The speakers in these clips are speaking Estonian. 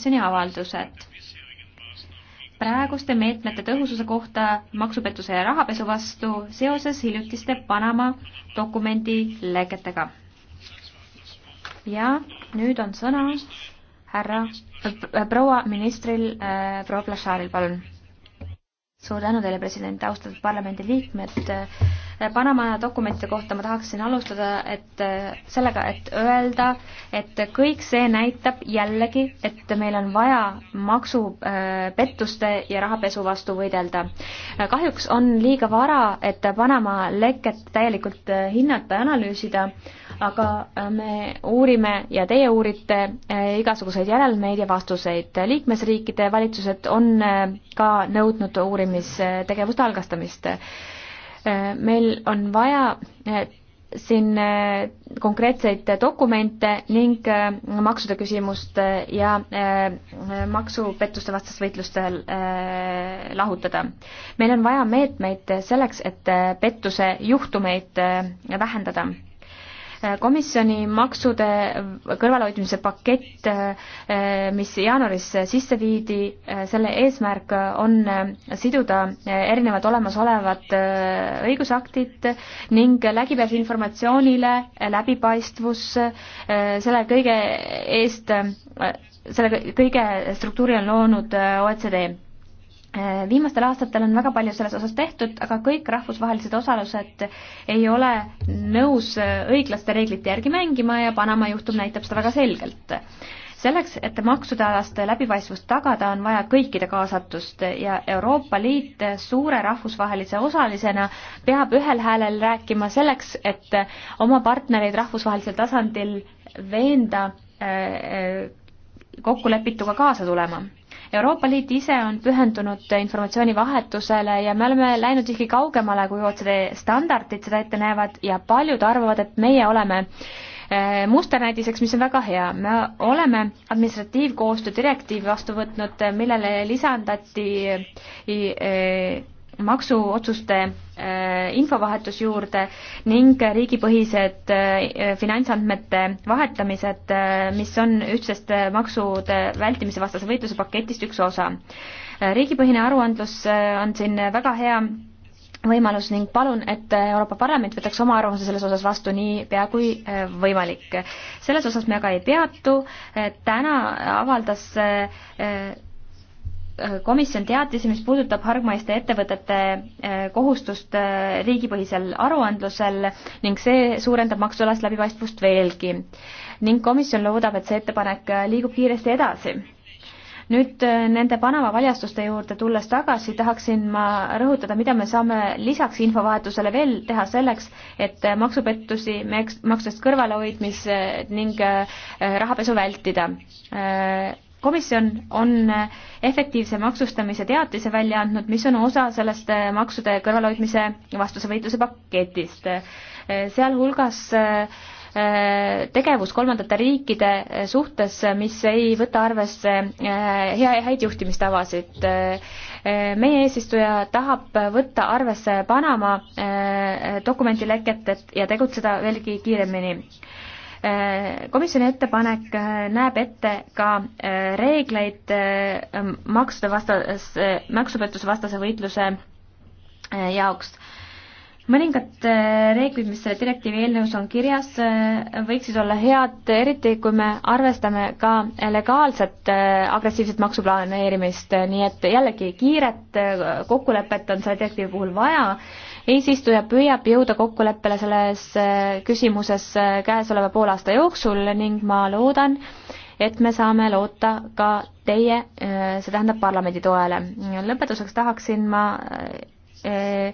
komisjoni avaldused praeguste meetmete tõhususe kohta maksupettuse ja rahapesu vastu seoses hiljutiste Panama dokumendi leketega. ja nüüd on sõna härra äh,, proua ministril äh,, proua Plašaril, palun. suur tänu teile, president, austatud parlamendiliikmed äh,. Panama dokumentide kohta ma tahaksin alustada, et äh, sellega, et öelda, et kõik see näitab jällegi, et meil on vaja maksupettuste äh, ja rahapesu vastu võidelda. Äh, kahjuks on liiga vara, et Panama leket täielikult hinnata ja analüüsida, aga me uurime ja teie uurite igasuguseid järelmeid ja vastuseid. liikmesriikide valitsused on ka nõudnud uurimistegevust algastamist Äh, meil on vaja äh, siin äh, konkreetseid dokumente ning maksude küsimust ja maksupettuste vastast võitlust lahutada. meil on vaja meetmeid selleks, et pettuse juhtumeid vähendada komisjoni maksude kõrvalehoidmise pakett, mis jaanuaris sisse viidi, selle eesmärk on siduda erinevad olemasolevad õigusaktid ning läbipääs informatsioonile, läbipaistvus, selle kõige eest, selle kõige struktuuri on loonud OECD Äh, viimastel aastatel on väga palju selles osas tehtud, aga kõik rahvusvahelised osalused ei ole nõus äh, õiglaste reeglite järgi mängima ja Panama juhtum näitab seda väga selgelt. selleks, et maksude alast läbipaistvust tagada, on vaja kõikide kaasatust ja Euroopa Liit suure rahvusvahelise osalisena peab ühel häälel rääkima selleks, et oma partnereid rahvusvahelisel tasandil veenda äh, kokkulepituga kaasa tulema Euroopa Liit ise on pühendunud informatsioonivahetusele ja me oleme läinud siiski kaugemale, kui OECD standardid seda ette näevad ja paljud arvavad, et meie oleme eh, musternäidiseks, mis on väga hea. me oleme administratiivkoostöö direktiivi vastu võtnud, millele lisandati eh, maksuotsuste äh, infovahetus juurde ning riigipõhised äh, finantsandmete vahetamised, äh, mis on ühtsest maksude vältimise vastase võitluse paketist üks osa. riigipõhine aruandlus on siin väga hea võimalus ning palun, et Euroopa Parlament võtaks oma arvamuse selles osas vastu niipea kui võimalik. selles osas me aga ei peatu, täna avaldas Äh, komisjon teatis, mis puudutab hargmaiste ettevõtete äh, kohustust äh, riigipõhisel aruandlusel ning see suurendab maksualast läbipaistvust veelgi. ning komisjon loodab, et see ettepanek liigub kiiresti edasi. nüüd nende Panama paljastuste juurde tulles tagasi, tahaksin ma rõhutada, mida me saame lisaks infovahetusele veel teha selleks, et maksupettusi, maksudest kõrvalehoidmist ning rahapesu vältida komisjon on äh, efektiivse maksustamise teatise välja andnud, mis on osa sellest äh, maksude kõrvalhoidmise vastuse võitluse paketist. Äh, sealhulgas tegevus kolmandate riikide suhtes, mis ei võta arvesse hea ja häid juhtimistavasid. meie eesistuja tahab võtta arvesse Panama dokumentileket ja tegutseda veelgi kiiremini komisjoni ettepanek äh, näeb ette ka äh, reegleid äh, maksude vastas, maksupettuse vastase võitluse jaoks. mõningad reeglid, mis selle direktiivi eelnõus on kirjas, võiksid olla head, eriti kui me arvestame ka legaalset agressiivset maksuplaneerimist, nii et jällegi kiiret kokkulepet on selle direktiivi puhul vaja eesistuja püüab jõuda kokkuleppele selles äh, küsimuses äh, käesoleva poolaasta jooksul ning ma loodan, et me saame loota ka teie, äh, see tähendab parlamendi toele. lõpetuseks tahaksin ma Äh,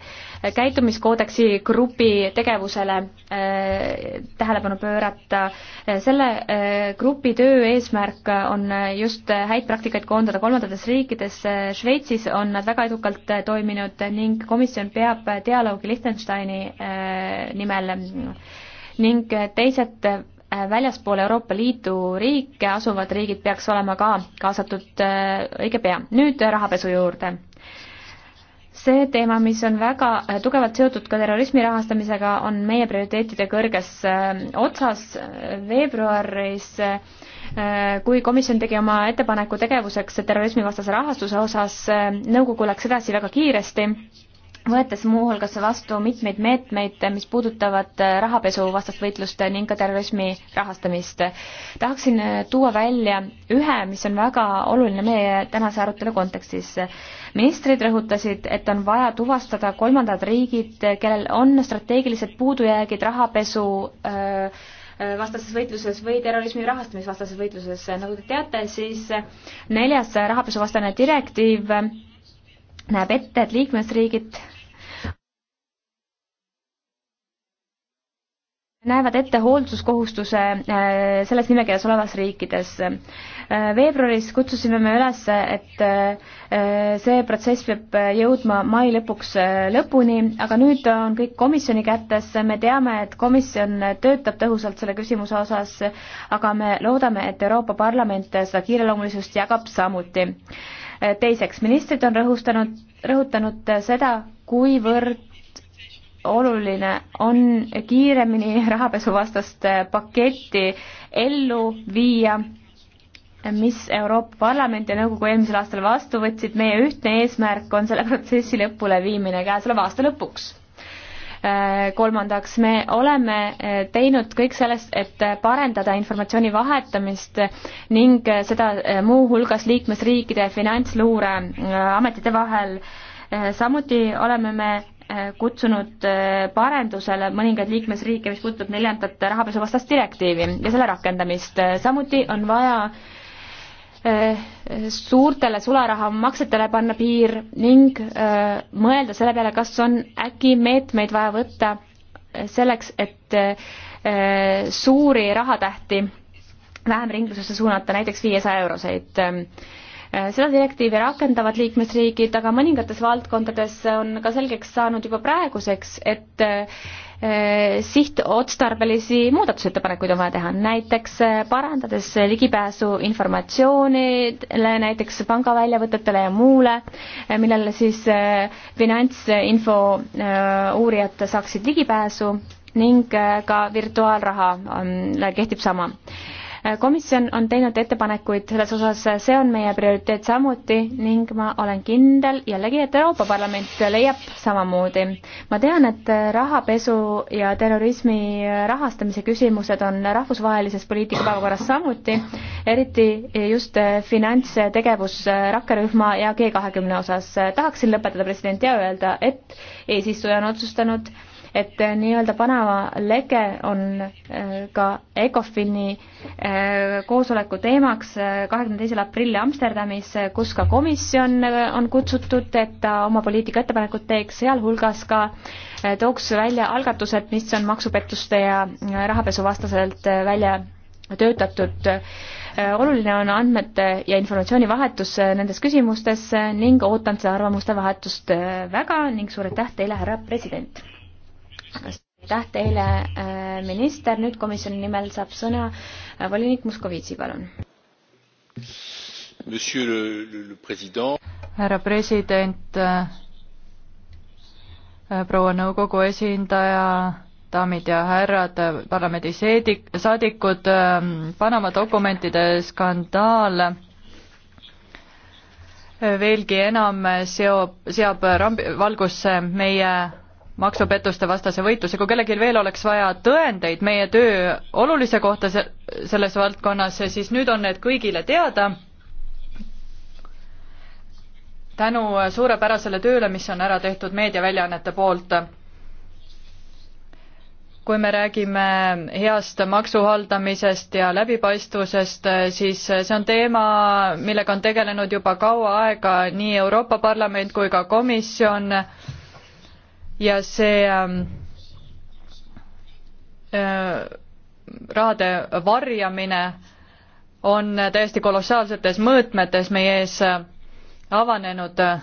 käitumiskoodeksi grupi tegevusele äh, tähelepanu pöörata. Äh, selle grupi töö eesmärk on just häid praktikaid koondada kolmandates riikides. Šveitsis on nad väga edukalt toiminud ning komisjon peab dialoogi Liechtensteini nimel ning teised väljaspool Euroopa Liidu riike asuvad riigid peaks olema ka kaasatud õige pea. nüüd rahapesu juurde see teema, mis on väga äh, tugevalt seotud ka terrorismi rahastamisega, on meie prioriteetide kõrges äh, otsas veebruaris, äh, kui komisjon tegi oma ettepaneku tegevuseks terrorismivastase rahastuse osas, nõukogu läks edasi väga kiiresti võetes muuhulgas vastu mitmeid meetmeid, mis puudutavad äh, rahapesuvastast võitlust ning ka terrorismi rahastamist. tahaksin äh, tuua välja ühe, mis on väga oluline meie tänase arutelu kontekstis. ministrid rõhutasid, et on vaja tuvastada kolmandad riigid, kellel on strateegilised puudujäägid rahapesu öö, äh, vastases võitluses või terrorismi rahastamisvastases võitluses. nagu te teate, siis neljas rahapesuvastane direktiiv näeb ette, et liikmesriigid näevad ette hoolsuskohustuse äh, selles nimekirjas olevas riikides. Äh, veebruaris kutsusime me üles, et äh, see protsess peab jõudma mai lõpuks lõpuni, aga nüüd on kõik komisjoni kätes, me teame, et komisjon töötab tõhusalt selle küsimuse osas, aga me loodame, et Euroopa Parlament seda kiireloomulisust jagab samuti. teiseks, ministrid on rõhustanud, rõhutanud seda, kuivõrd oluline on kiiremini rahapesuvastast paketti ellu viia, mis Euroopa Parlament ja Nõukogu eelmisel aastal vastu võtsid, meie ühtne eesmärk on selle protsessi lõpuleviimine käesoleva aasta lõpuks äh, kolmandaks, me oleme äh, teinud kõik sellest, et parendada informatsiooni vahetamist ning äh, seda muuhulgas liikmesriikide finantsluureametite vahel. samuti oleme me Äh, kutsunud äh, parendusele mõningaid liikmesriike, mis puudutab neljandat rahapesuvastast direktiivi ja selle rakendamist. Äh, samuti on vaja suurtele sularahamaksetele panna piir ning mõelda selle peale, kas on äkki meetmeid vaja võtta selleks, et suuri rahatähti vähem ringlusesse suunata, näiteks viiesaja euroseid Äh, seda direktiivi rakendavad liikmesriigid, aga mõningates valdkondades on ka selgeks saanud juba praeguseks, et äh, sihtotstarbelisi muudatusettepanekuid on vaja teha, näiteks äh, parandades ligipääsu informatsioonile, näiteks pangaväljavõtetele ja muule, millele siis finantsinfo uurijad saaksid ligipääsu ning ka virtuaalrahale ähm, kehtib sama komisjon on teinud ettepanekuid selles osas, see on meie prioriteet samuti ning ma olen kindel jällegi, et Euroopa Parlament leiab samamoodi. ma tean, et rahapesu ja terrorismi rahastamise küsimused on rahvusvahelises poliitika päevakorras samuti, eriti just finantstegevus rakkerühma ja G kahekümne osas. tahaksin lõpetada president ja öelda, et eesistuja on otsustanud et äh, nii-öelda Panama lege on äh, ka ECOFIN-i äh, koosoleku teemaks kahekümne teisel aprillil Amsterdamis, kus ka komisjon on kutsutud, et ta oma poliitikaettepanekud teeks, sealhulgas ka tooks välja algatused, mis on maksupettuste ja rahapesuvastaselt välja töötatud. oluline on andmete ja informatsiooni vahetus nendes küsimustes ning ootan seda arvamuste vahetust väga ning suur aitäh teile, härra president! aitäh teile, äh, minister, nüüd komisjoni nimel saab sõna äh, volinik Moskovitsi, palun. härra president, äh, proua nõukogu esindaja, daamid ja härrad, parlamendi seedik-, saadikud, Panama dokumentide skandaal veelgi enam seob, seab rambi, valgusse meie maksupettuste vastase võitluse, kui kellelgi veel oleks vaja tõendeid meie töö olulise kohta selles valdkonnas, siis nüüd on need kõigile teada. tänu suurepärasele tööle, mis on ära tehtud meediaväljaannete poolt. kui me räägime heast maksuhaldamisest ja läbipaistvusest, siis see on teema, millega on tegelenud juba kaua aega nii Euroopa Parlament kui ka komisjon ja see ähm, äh, rahade varjamine on täiesti kolossaalsetes mõõtmetes meie ees äh, avanenud äh,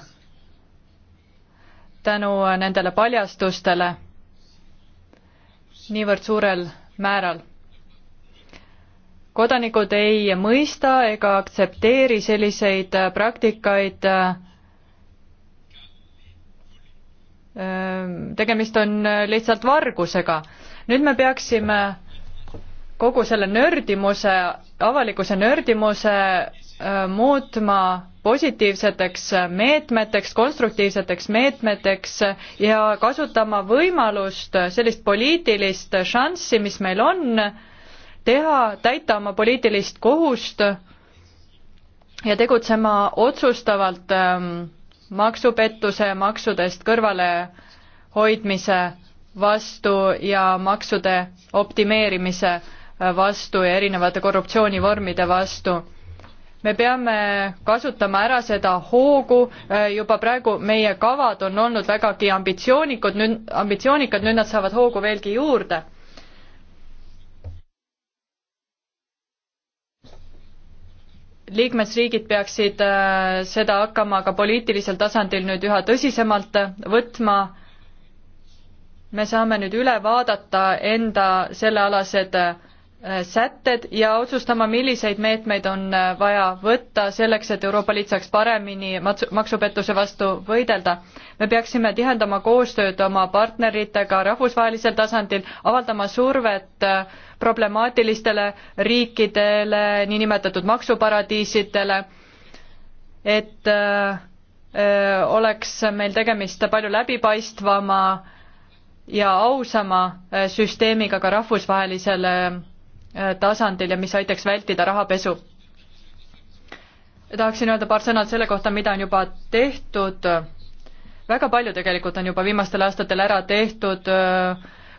tänu nendele paljastustele niivõrd suurel määral. kodanikud ei mõista ega aktsepteeri selliseid praktikaid äh, Ehm, tegemist on äh, lihtsalt vargusega. nüüd me peaksime kogu selle nördimuse, avalikkuse nördimuse äh, muutma positiivseteks äh, meetmeteks, konstruktiivseteks meetmeteks ja kasutama võimalust, sellist poliitilist šanssi, mis meil on, teha, täita oma poliitilist kohust ja tegutsema otsustavalt ähm, maksupettuse, maksudest kõrvalehoidmise vastu ja maksude optimeerimise äh, vastu ja erinevate korruptsioonivormide vastu. me peame kasutama ära seda hoogu, äh, juba praegu meie kavad on olnud vägagi ambitsioonikad, nüüd, ambitsioonikad, nüüd nad saavad hoogu veelgi juurde liikmesriigid peaksid äh, seda hakkama ka poliitilisel tasandil nüüd üha tõsisemalt äh, võtma. me saame nüüd üle vaadata enda sellealased äh, Äh, sätted ja otsustama, milliseid meetmeid on äh, vaja võtta selleks, et Euroopa Liit saaks paremini maksupettuse vastu võidelda. me peaksime tihendama koostööd oma partneritega rahvusvahelisel tasandil, avaldama survet äh, problemaatilistele riikidele, niinimetatud maksuparadiisidele, et öö, oleks meil tegemist palju läbipaistvama ja ausama süsteemiga ka rahvusvahelisel Äh, tasandil ja mis aitaks vältida rahapesu. tahaksin öelda paar sõna selle kohta, mida on juba tehtud. väga palju tegelikult on juba viimastel aastatel ära tehtud.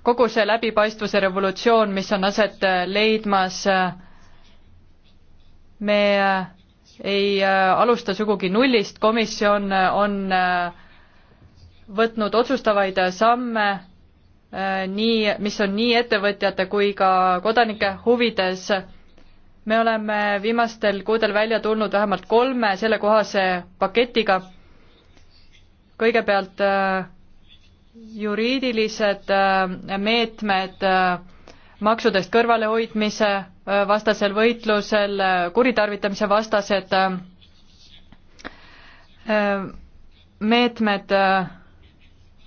kogu see läbipaistvuse revolutsioon, mis on aset leidmas, me ei alusta sugugi nullist, komisjon on võtnud otsustavaid samme Äh, nii, mis on nii ettevõtjate kui ka kodanike huvides. me oleme viimastel kuudel välja tulnud vähemalt kolme sellekohase paketiga. kõigepealt äh, juriidilised äh, meetmed maksudest kõrvalehoidmise vastasel võitlusel, kuritarvitamise vastased meetmed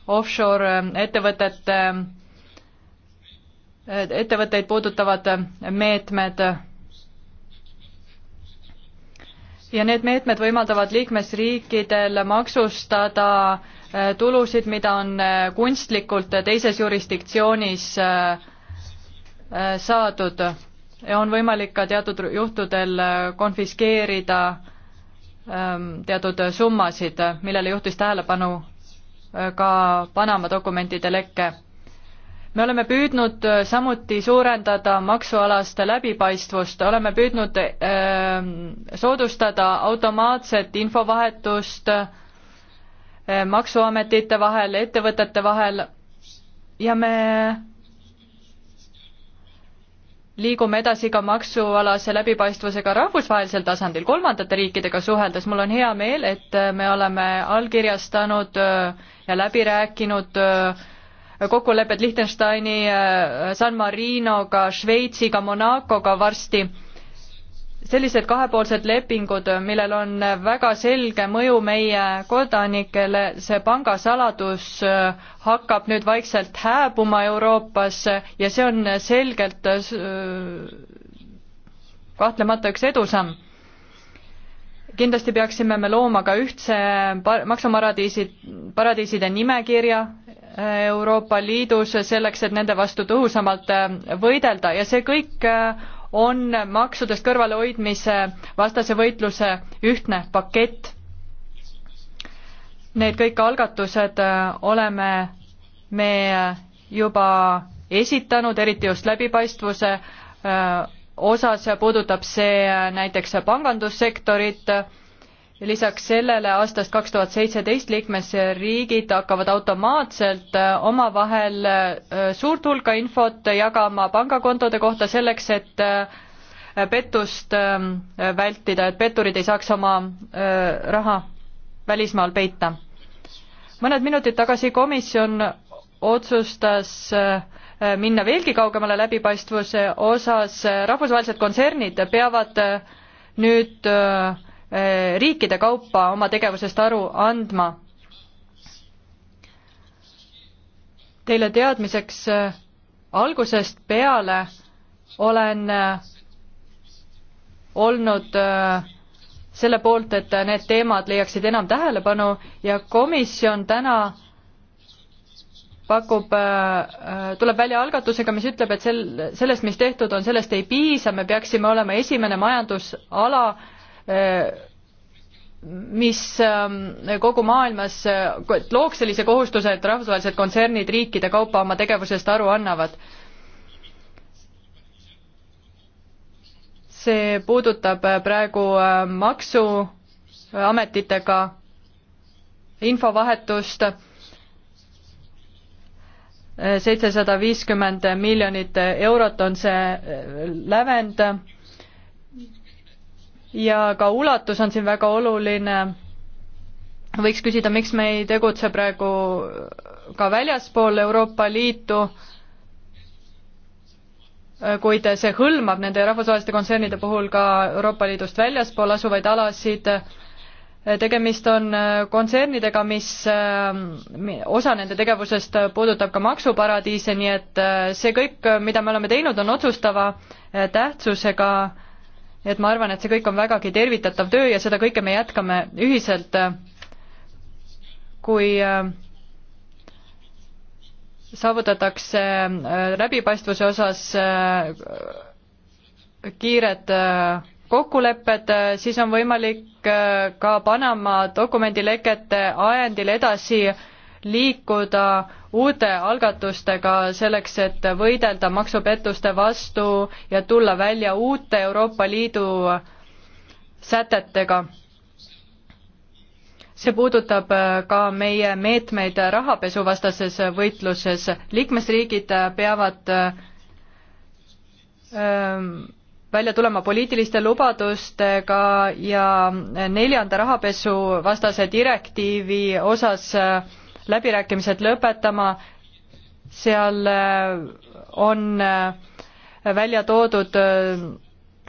offshore äh, ettevõtete, äh, ettevõtteid puudutavad äh, meetmed ja need meetmed võimaldavad liikmesriikidel maksustada tulusid, mida on kunstlikult teises jurisdiktsioonis saadud. on võimalik ka teatud juhtudel konfiskeerida ähm, teatud summasid, millele juhtis tähelepanu Äh, ka Panama dokumentide lekke. me oleme püüdnud äh, samuti suurendada maksualast läbipaistvust, oleme püüdnud ähm, soodustada automaatset infovahetust äh, maksuametite vahel, ettevõtete vahel ja me liigume edasi ka maksualase läbipaistvusega rahvusvahelisel tasandil, kolmandate riikidega suheldes, mul on hea meel, et me oleme allkirjastanud äh, ja läbi rääkinud äh, kokkulepped Liechtensteini, äh, San Marinoga, Šveitsiga, Monacoga varsti sellised kahepoolsed lepingud, millel on väga selge mõju meie kodanikele, see pangasaladus äh, hakkab nüüd vaikselt hääbuma Euroopas ja see on selgelt äh, kahtlemata üks edusamm. kindlasti peaksime me looma ka ühtse maksuparadiisi, paradiiside nimekirja, äh, Euroopa Liidus selleks, et nende vastu tõhusamalt võidelda ja see kõik on maksudest kõrvalehoidmise vastase võitluse ühtne pakett. Need kõik algatused äh, oleme me äh, juba esitanud, eriti just läbipaistvuse äh, osas puudutab see näiteks pangandussektorit lisaks sellele aastast kaks tuhat seitseteist liikmesriigid hakkavad automaatselt äh, omavahel äh, suurt hulka infot jagama pangakontode kohta selleks, et äh, pettust ähm, vältida, et petturid ei saaks oma raha välismaal peita. mõned minutid tagasi komisjon otsustas minna veelgi kaugemale läbipaistvuse osas, rahvusvahelised kontsernid peavad nüüd äh, Eh, riikide kaupa oma tegevusest aru andma. Teile teadmiseks eh, algusest peale olen eh, olnud selle poolt, et need teemad leiaksid enam tähelepanu ja komisjon täna pakub, tuleb välja algatusega, mis ütleb, et sel, sellest, mis tehtud on, sellest ei piisa, me peaksime olema esimene majandusala, mis ähm, kogu maailmas looks sellise kohustuse, et rahvusvahelised kontsernid riikide kaupa oma tegevusest aru annavad. see puudutab äh, praegu äh, maksuametitega infovahetust, seitsesada viiskümmend miljonit eurot on see äh, lävend ja ka ulatus on siin väga oluline. võiks küsida, miks me ei tegutse praegu ka väljaspool Euroopa Liitu, kuid see hõlmab nende rahvusvaheliste kontsernide puhul ka Euroopa Liidust väljaspool asuvaid alasid, tegemist on kontsernidega, mis, osa nende tegevusest puudutab ka maksuparadiise, nii et see kõik, mida me oleme teinud, on otsustava tähtsusega nii et ma arvan, et see kõik on vägagi tervitatav töö ja seda kõike me jätkame ühiselt, kui äh, saavutatakse äh, läbipaistvuse osas äh, kiired kokkulepped, siis on võimalik ka Panama dokumendilekete ajendil edasi liikuda uute algatustega selleks, et võidelda maksupettuste vastu ja tulla välja uute Euroopa Liidu sätetega. see puudutab ka meie meetmeid rahapesuvastases võitluses. liikmesriigid peavad öö, ähm, välja tulema poliitiliste lubadustega ja neljanda rahapesuvastase direktiivi osas äh, läbirääkimised lõpetama, seal äh, on äh, välja toodud äh,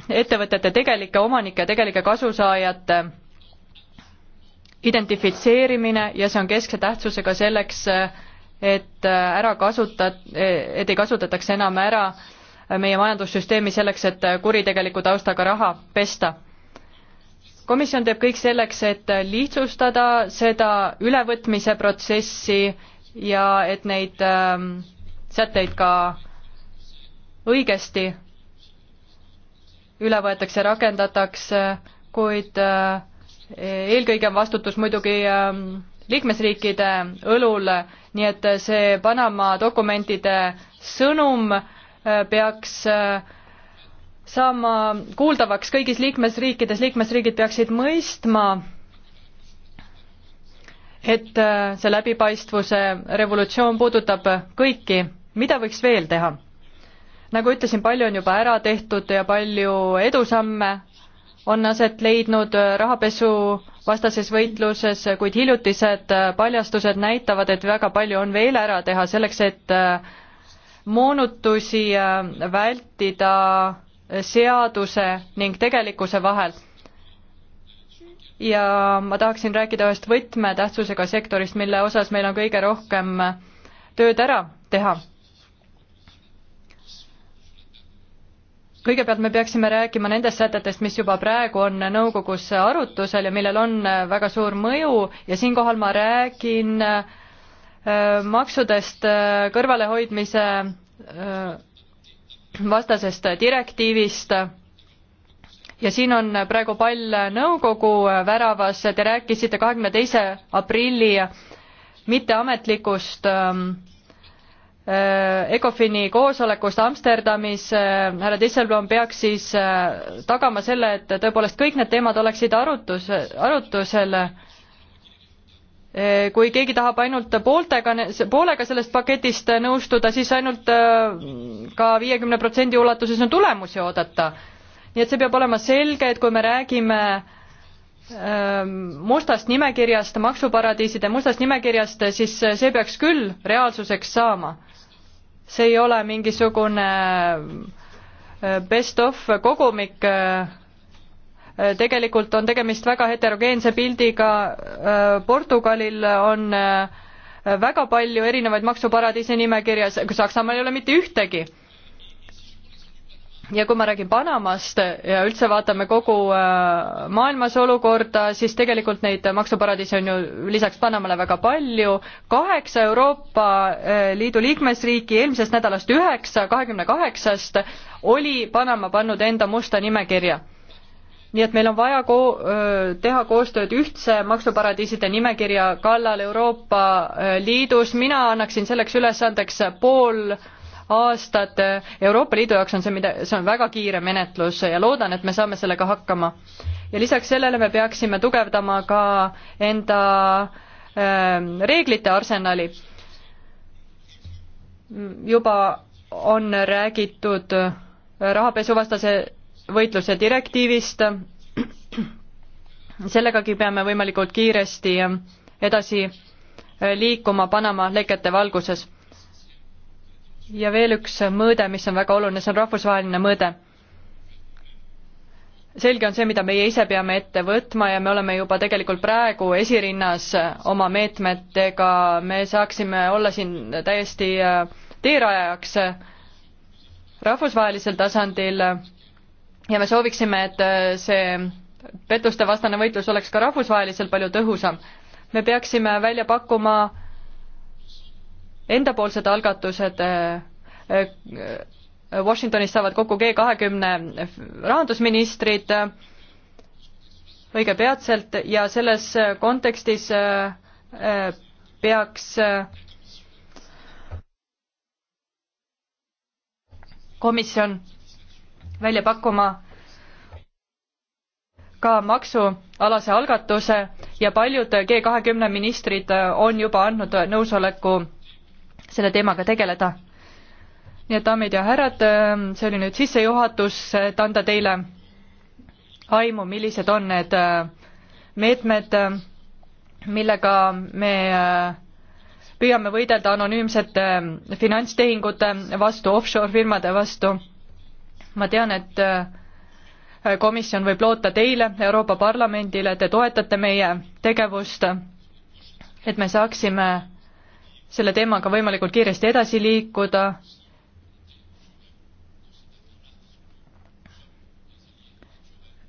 ettevõtete tegelike omanike, tegelike kasusaajate identifitseerimine ja see on keskse tähtsusega selleks, et ära kasuta-, et ei kasutataks enam ära meie majandussüsteemi selleks, et kuritegeliku taustaga raha pesta komisjon teeb kõik selleks, et lihtsustada seda ülevõtmise protsessi ja et neid ähm, sätteid ka õigesti üle võetakse, rakendatakse, kuid äh, eelkõige on vastutus muidugi ähm, liikmesriikide õlul, nii et see Panama dokumentide sõnum äh, peaks äh, saama kuuldavaks kõigis liikmesriikides, liikmesriigid peaksid mõistma, et äh, see läbipaistvuse revolutsioon puudutab kõiki, mida võiks veel teha? nagu ütlesin, palju on juba ära tehtud ja palju edusamme on aset leidnud rahapesuvastases võitluses, kuid hiljutised paljastused näitavad, et väga palju on veel ära teha selleks, et äh, moonutusi äh, vältida seaduse ning tegelikkuse vahel. ja ma tahaksin rääkida ühest võtmetähtsusega sektorist, mille osas meil on kõige rohkem tööd ära teha. kõigepealt me peaksime rääkima nendest sätetest, mis juba praegu on nõukogus arutusel ja millel on väga suur mõju ja siinkohal ma räägin äh, maksudest äh, kõrvalehoidmise äh, vastasest direktiivist ja siin on praegu pall nõukogu väravas, te rääkisite kahekümne teise aprilli mitteametlikust ähm, äh, ECOFIN-i koosolekust Amsterdamis, härra Disselblom peaks siis äh, tagama selle, et tõepoolest kõik need teemad oleksid arutus, arutusel Eh, kui keegi tahab ainult pooltega, poolega sellest paketist nõustuda, siis ainult eh, ka viiekümne protsendi ulatuses on tulemusi oodata. nii et see peab olema selge, et kui me räägime eh, mustast nimekirjast, maksuparadiiside mustast nimekirjast, siis see peaks küll reaalsuseks saama. see ei ole mingisugune best of kogumik Äh, tegelikult on tegemist väga heterogeense pildiga, äh, Portugalil on äh, väga palju erinevaid maksuparadiise nimekirjas, Saksamaal ei ole mitte ühtegi. ja kui ma räägin Panamast ja üldse vaatame kogu maailmas olukorda, siis tegelikult neid maksuparadiise on ju lisaks Panamale väga palju, kaheksa Euroopa Liidu liikmesriiki eelmisest nädalast üheksa, kahekümne kaheksast oli Panama pannud enda musta nimekirja nii et meil on vaja ko-, teha koostööd ühtse maksuparadiiside nimekirja kallal Euroopa Liidus, mina annaksin selleks ülesandeks pool aastat, Euroopa Liidu jaoks on see mida, see on väga kiire menetlus ja loodan, et me saame sellega hakkama. ja lisaks sellele me peaksime tugevdama ka enda reeglite arsenali. juba on räägitud rahapesuvastase võitluse direktiivist. sellegagi peame võimalikult kiiresti edasi liikuma Panama lekete valguses. ja veel üks mõõde, mis on väga oluline, see on rahvusvaheline mõõde. selge on see, mida meie ise peame ette võtma ja me oleme juba tegelikult praegu esirinnas oma meetmetega, me saaksime olla siin täiesti teerajajaks rahvusvahelisel tasandil ja me sooviksime, et äh, see pettuste vastane võitlus oleks ka rahvusvaheliselt palju tõhusam. me peaksime välja pakkuma endapoolsed algatused äh, äh, Washingtonis saavad kokku G kahekümne rahandusministrid õige peatselt ja selles kontekstis peaks komisjon välja pakkuma ka maksualase algatuse ja paljud G kahekümne ministrid on juba andnud nõusoleku selle teemaga tegeleda. nii et daamid ja härrad, see oli nüüd sissejuhatus, et anda teile aimu, millised on need meetmed, millega me püüame võidelda anonüümsete finantstehingute vastu, offshore firmade vastu ma tean, et äh, komisjon võib loota teile, Euroopa Parlamendile, te toetate meie tegevust, et me saaksime selle teemaga võimalikult kiiresti edasi liikuda.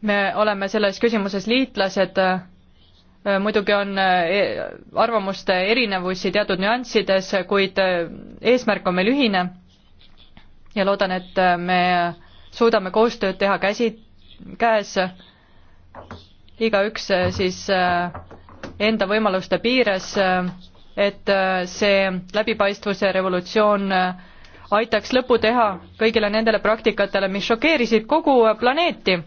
me oleme selles küsimuses liitlased, äh, muidugi on äh, e, arvamuste erinevusi teatud nüanssides, kuid eesmärk on meil ühine ja loodan, et me suudame koostööd teha käsi, käes, igaüks äh, siis äh, enda võimaluste piires, äh, et see läbipaistvuse revolutsioon aitaks lõpu teha kõigile nendele praktikatele, mis šokeerisid kogu planeeti.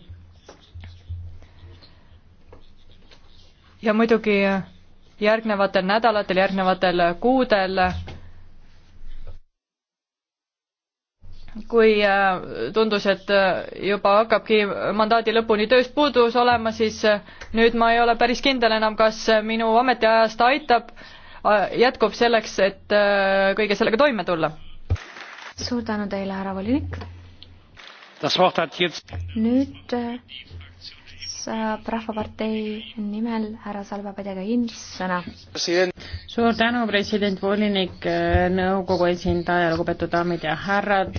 ja muidugi järgnevatel nädalatel, järgnevatel kuudel kui äh, tundus, et äh, juba hakkabki mandaadi lõpuni tööst puudus olema, siis äh, nüüd ma ei ole päris kindel enam, kas minu ametiajast aitab, jätkub selleks, et kõige sellega toime tulla. suur tänu teile, härra volinik. nüüd saab Rahvapartei nimel härra Salva Pedega sõna suur tänu, president, volinik, äh, nõukogu esindaja, lugupeetud daamid ja härrad.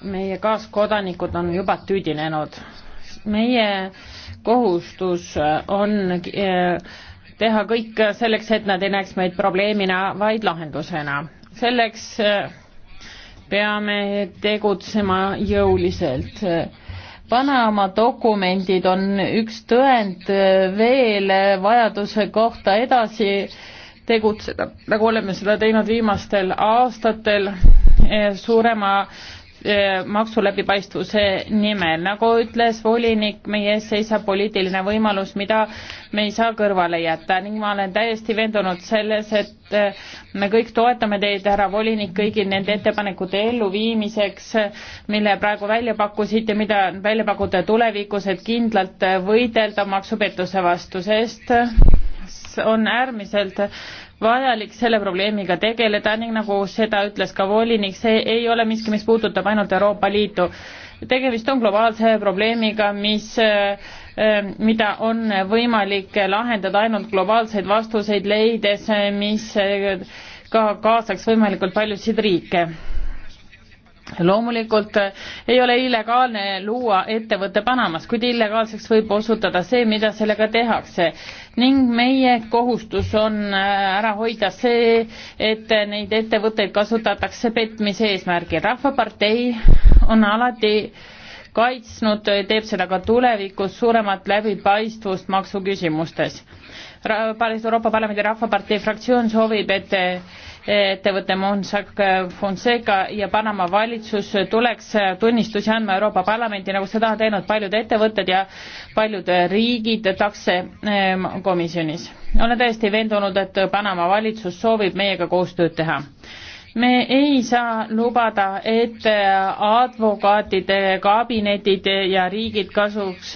meie kaaskodanikud on juba tüdinenud. meie kohustus on äh, teha kõik selleks, et nad ei näeks meid probleemina, vaid lahendusena. selleks äh, peame tegutsema jõuliselt Panama dokumendid on üks tõend veel vajaduse kohta edasi tegutseda, nagu oleme seda teinud viimastel aastatel eh, suurema eh, maksuläbipaistvuse nimel. nagu ütles volinik, meie ees seisab poliitiline võimalus, mida me ei saa kõrvale jätta ning ma olen täiesti veendunud selles, et eh, me kõik toetame teid, härra volinik, kõigi nende ettepanekute elluviimiseks, mille praegu välja pakkusite, mida välja pakute tulevikus, et kindlalt võidelda maksupettuse vastu, sest on äärmiselt vajalik selle probleemiga tegeleda ning nagu seda ütles ka volinik, see ei ole miski, mis puudutab ainult Euroopa Liitu. tegemist on globaalse probleemiga, mis, äh, mida on võimalik lahendada ainult globaalseid vastuseid leides, mis äh, ka kaasaks võimalikult paljusid riike loomulikult äh, ei ole illegaalne luua ettevõte Panamas, kuid illegaalseks võib osutada see, mida sellega tehakse. ning meie kohustus on äh, ära hoida see, et neid ettevõtteid kasutatakse petmise eesmärgil. rahvapartei on alati kaitsnud, teeb seda ka tulevikus, suuremat läbipaistvust maksuküsimustes. Euroopa Parlamendi Rahvapartei fraktsioon soovib, et ettevõte Monsac Fonseca ja Panama valitsus tuleks tunnistusi andma Euroopa Parlamenti, nagu seda on teinud paljud ettevõtted ja paljud riigid takse ehm, komisjonis. olen täiesti veendunud, et Panama valitsus soovib meiega koostööd teha me ei saa lubada, et advokaatide kabinetid ja riigid kasuks,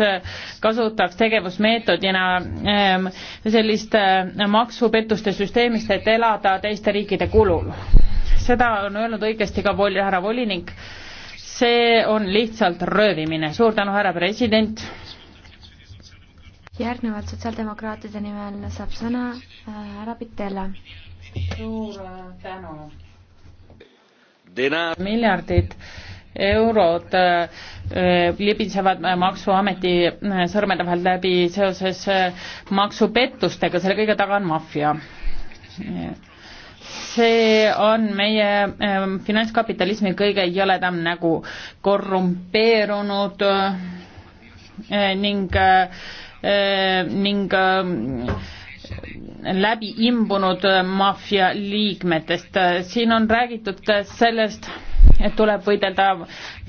kasutaks tegevusmeetodina ähm, sellist äh, maksupettuste süsteemist, et elada teiste riikide kulul. seda on öelnud õigesti ka vol-, härra volinik. see on lihtsalt röövimine. suur tänu, härra president. järgnevalt sotsiaaldemokraatide nimel saab sõna äh, härra Pitella. suur äh, tänu miljardid eurod äh, libisevad Maksuameti äh, sõrmede vahel läbi seoses äh, maksupettustega, selle kõige taga on maffia. see on meie finantskapitalismi kõige jõledam nägu, korrumpeerunud ning ning läbi imbunud maffia liikmetest. siin on räägitud ka sellest, et tuleb võidelda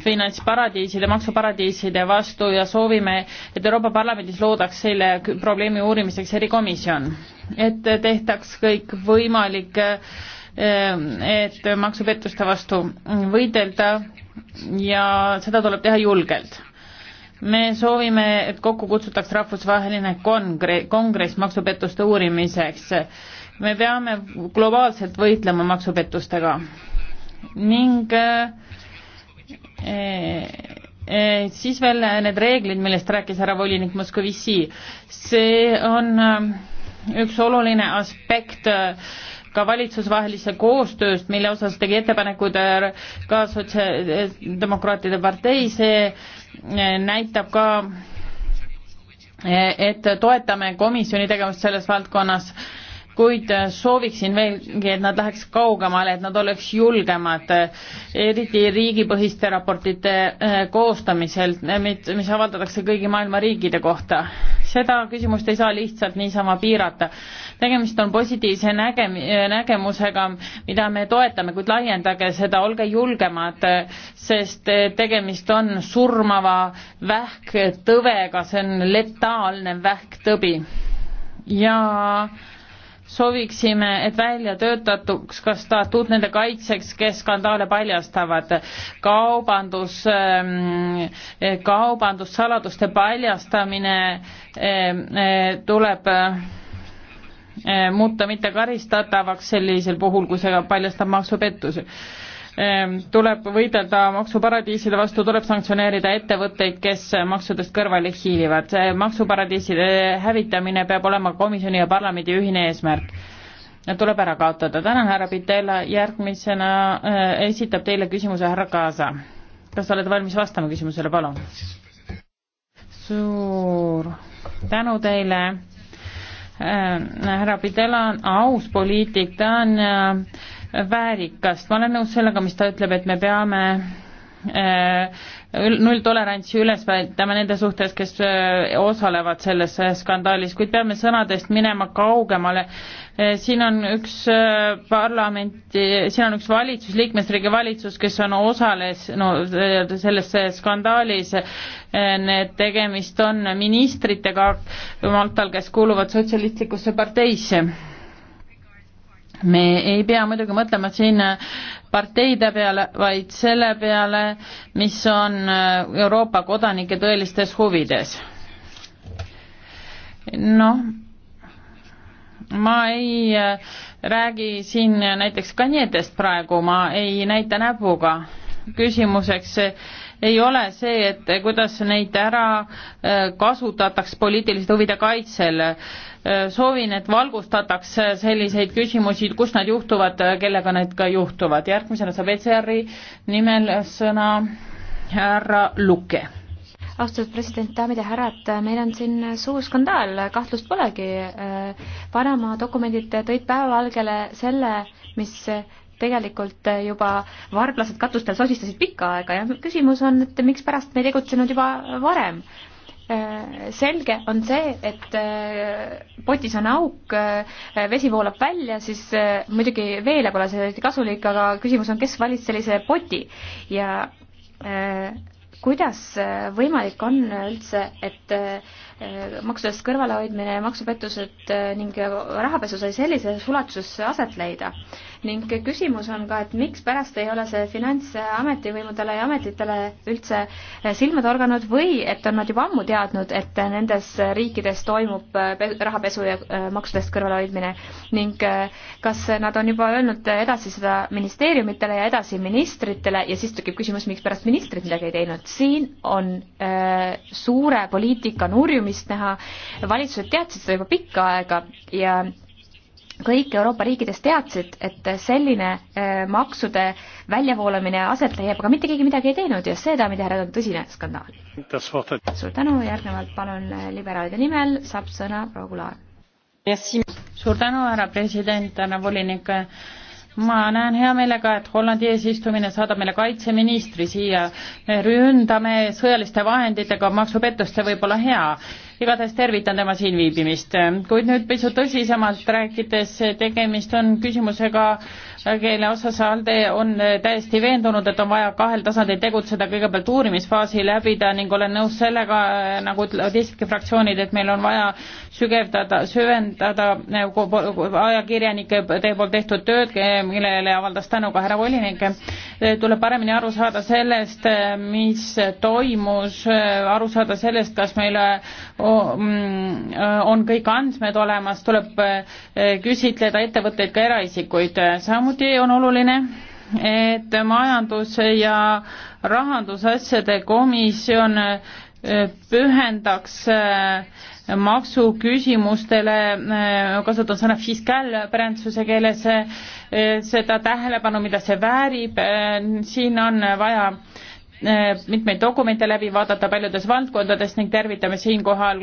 finantsparadiiside, maksuparadiiside vastu ja soovime, et Euroopa Parlamendis loodaks selle probleemi uurimiseks erikomisjon, et tehtaks kõik võimalik, et maksupettuste vastu võidelda ja seda tuleb teha julgelt me soovime, et kokku kutsutaks rahvusvaheline kongre-, kongress maksupettuste uurimiseks. me peame globaalselt võitlema maksupettustega ning eh, eh, siis veel need reeglid, millest rääkis härra volinik Moskovitši, see on üks oluline aspekt eh, ka valitsusvahelise koostööst, mille osas tegi ettepanekuid äh, ka Sotsiaaldemokraatide partei, see äh, näitab ka äh, et toetame komisjoni tegevust selles valdkonnas kuid sooviksin veelgi, et nad läheks kaugemale, et nad oleks julgemad, eriti riigipõhiste raportite eh, koostamisel, mis avaldatakse kõigi maailma riikide kohta. seda küsimust ei saa lihtsalt niisama piirata. tegemist on positiivse näge-, nägemusega, mida me toetame, kuid laiendage seda, olge julgemad, sest tegemist on surmava vähktõvega, see on letaalne vähktõbi. ja sooviksime, et välja töötatuks ka statuut nende kaitseks, kes skandaale paljastavad. kaubandus, ähm, eh, kaubandussaladuste paljastamine ähm, eh, tuleb äh, muuta mitte karistatavaks sellisel puhul, kui see paljastab maksupettusi Ehm, tuleb võidelda maksuparadiiside vastu, tuleb sanktsioneerida ettevõtteid, kes maksudest kõrvale hiilivad. see maksuparadiiside hävitamine peab olema komisjoni ja parlamendi ühine eesmärk. Nad tuleb ära kaotada. tänan, härra Pitella, järgmisena äh, esitab teile küsimuse härra Kaasa. kas olete valmis vastama küsimusele, palun? suur tänu teile äh,, härra Pitella on aus poliitik, ta on äh, väärikast, ma olen nõus sellega, mis ta ütleb, et me peame äh, nulltolerantsi üles vältama nende suhtes, kes äh, osalevad selles äh, skandaalis, kuid peame sõnadest minema kaugemale. siin on üks parlamenti, siin on üks valitsus, liikmesriigi valitsus, kes on osales no, selles skandaalis. Need tegemist on ministritega Maltal, kes kuuluvad sotsialistlikusse parteisse me ei pea muidugi mõtlema siin parteide peale, vaid selle peale, mis on äh, Euroopa kodanike tõelistes huvides. noh, ma ei äh, räägi siin näiteks kanjedest praegu, ma ei näita näpuga. küsimuseks äh, ei ole see, et kuidas neid ära kasutataks poliitiliste huvide kaitsel Äh, soovin, et valgustataks äh, selliseid küsimusi, kus nad juhtuvad, äh, kellega need ka juhtuvad. järgmisena saab ECR-i nimel sõna härra Luke. austatud president, daamid ja härrad, meil on siin suur skandaal, kahtlust polegi. Panama dokumendid tõid päevavalgele selle, mis tegelikult juba varblased katustel sosistasid pikka aega ja küsimus on, et mikspärast me ei tegutsenud juba varem. Äh, selge on see, et äh, potis on auk, äh, vesi voolab välja, siis muidugi veele pole see eriti kasulik, aga küsimus on, kes valis sellise poti ja kuidas võimalik on üldse, et maksudest kõrvalehoidmine, maksupettused ning rahapesu sai sellises ulatuses aset leida ning küsimus on ka, et mikspärast ei ole see finantsametivõimudele ja ametitele üldse eh, silma torganud või et on nad juba ammu teadnud, et eh, nendes riikides toimub eh, rahapesu ja maksudest kõrvalehoidmine ning kas nad on juba öelnud edasi seda ministeeriumitele ja edasi ministritele ja siis tekib küsimus, mikspärast ministrid midagi ei teinud. siin on äh, suure poliitika nurjumist näha, valitsused teadsid seda juba pikka aega ja kõik Euroopa riikides teadsid, et selline äh, maksude väljavoolamine aset leiab, aga mitte keegi midagi ei teinud ja see, daamid ja härrad, on tõsine skandaal. suur tänu, järgnevalt palun äh, liberaalide nimel saab sõna proua Kular. suur tänu, härra president, härra volinik. ma näen hea meelega, et Hollandi eesistumine saadab meile kaitseministri siia. me ründame sõjaliste vahenditega maksupettuste võib-olla hea igatahes tervitan tema siinviibimist. kuid nüüd pisut tõsisemalt rääkides, tegemist on küsimusega, kelle osas ALDE on äh, täiesti veendunud, et on vaja kahel tasandil tegutseda, kõigepealt uurimisfaasi läbida ning olen nõus sellega, äh, nagu ütlevad teisedki fraktsioonid, et meil on vaja sügevdada, süvendada äh, ajakirjanike teie poolt tehtud tööd, millele avaldas tänu ka härra volinik. tuleb paremini aru saada sellest, mis toimus, aru saada sellest, kas meil mm, on kõik andmed olemas, tuleb küsitleda ettevõtteid, ka eraisikuid, samuti samuti on oluline, et majandus- ja rahandusasjade komisjon eh, pühendaks eh, maksuküsimustele, eh, kasutan sõna fiskaal prantsuse keeles, seda tähelepanu, mida see väärib, siin on vaja mitmeid dokumente läbi vaadata paljudes valdkondades ning tervitame siinkohal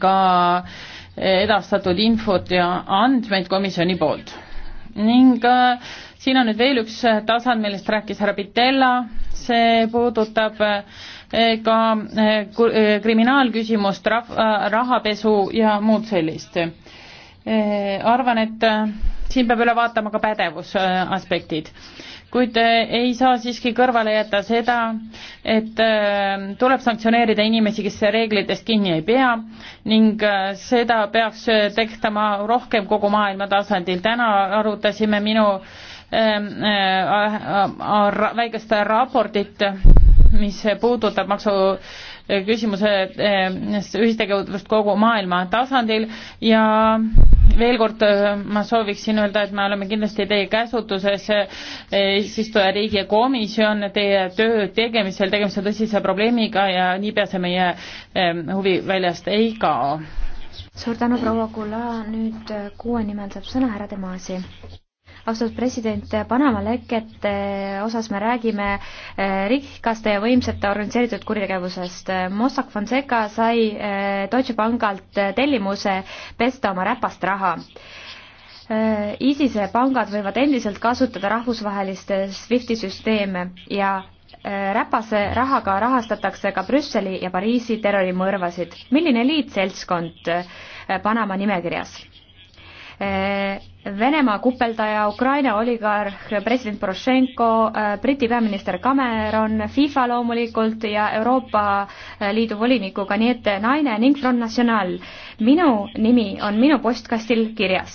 ka edastatud infot ja andmeid komisjoni poolt. ning äh, siin on nüüd veel üks tasand, millest rääkis härra Pitella, see puudutab äh, ka äh, kriminaalküsimust, rahapesu ja muud sellist. arvan, et siin peab üle vaatama ka pädevusaspektid kuid äh, ei saa siiski kõrvale jätta seda, et äh, tuleb sanktsioneerida inimesi, kes reeglitest kinni ei pea ning äh, seda peaks tehtama rohkem kogu maailma tasandil. täna arutasime minu ähm, väikest raportit, mis puudutab maksu küsimuse eh, ühistegevust kogu maailma tasandil ja veel kord eh, ma sooviksin öelda, et me oleme kindlasti teie käsutuses, eh, eesistuja riigi komisjon, teie töö tegemisel, tegemist on tõsise probleemiga ja niipea see meie huvi väljast ei kao. suur tänu, proua Kula, nüüd kuue nimel saab sõna härra Demasi austatud president, Panama lekete osas me räägime eh, rikaste ja võimsate organiseeritud kuritegevusest. Mossack Fonseca sai eh, Deutsche Pangalt tellimuse pesta oma räpast raha eh, ISISe pangad võivad endiselt kasutada rahvusvaheliste SWIFTi süsteeme ja räpase rahaga rahastatakse ka Brüsseli ja Pariisi terrorimõrvasid. milline liitseltskond Panama nimekirjas? Venemaa kupeldaja, Ukraina oligarh, president Porošenko, Briti peaminister Cameron, FIFA loomulikult ja Euroopa Liidu voliniku Kaniete naine ning Front National. minu nimi on minu postkastil kirjas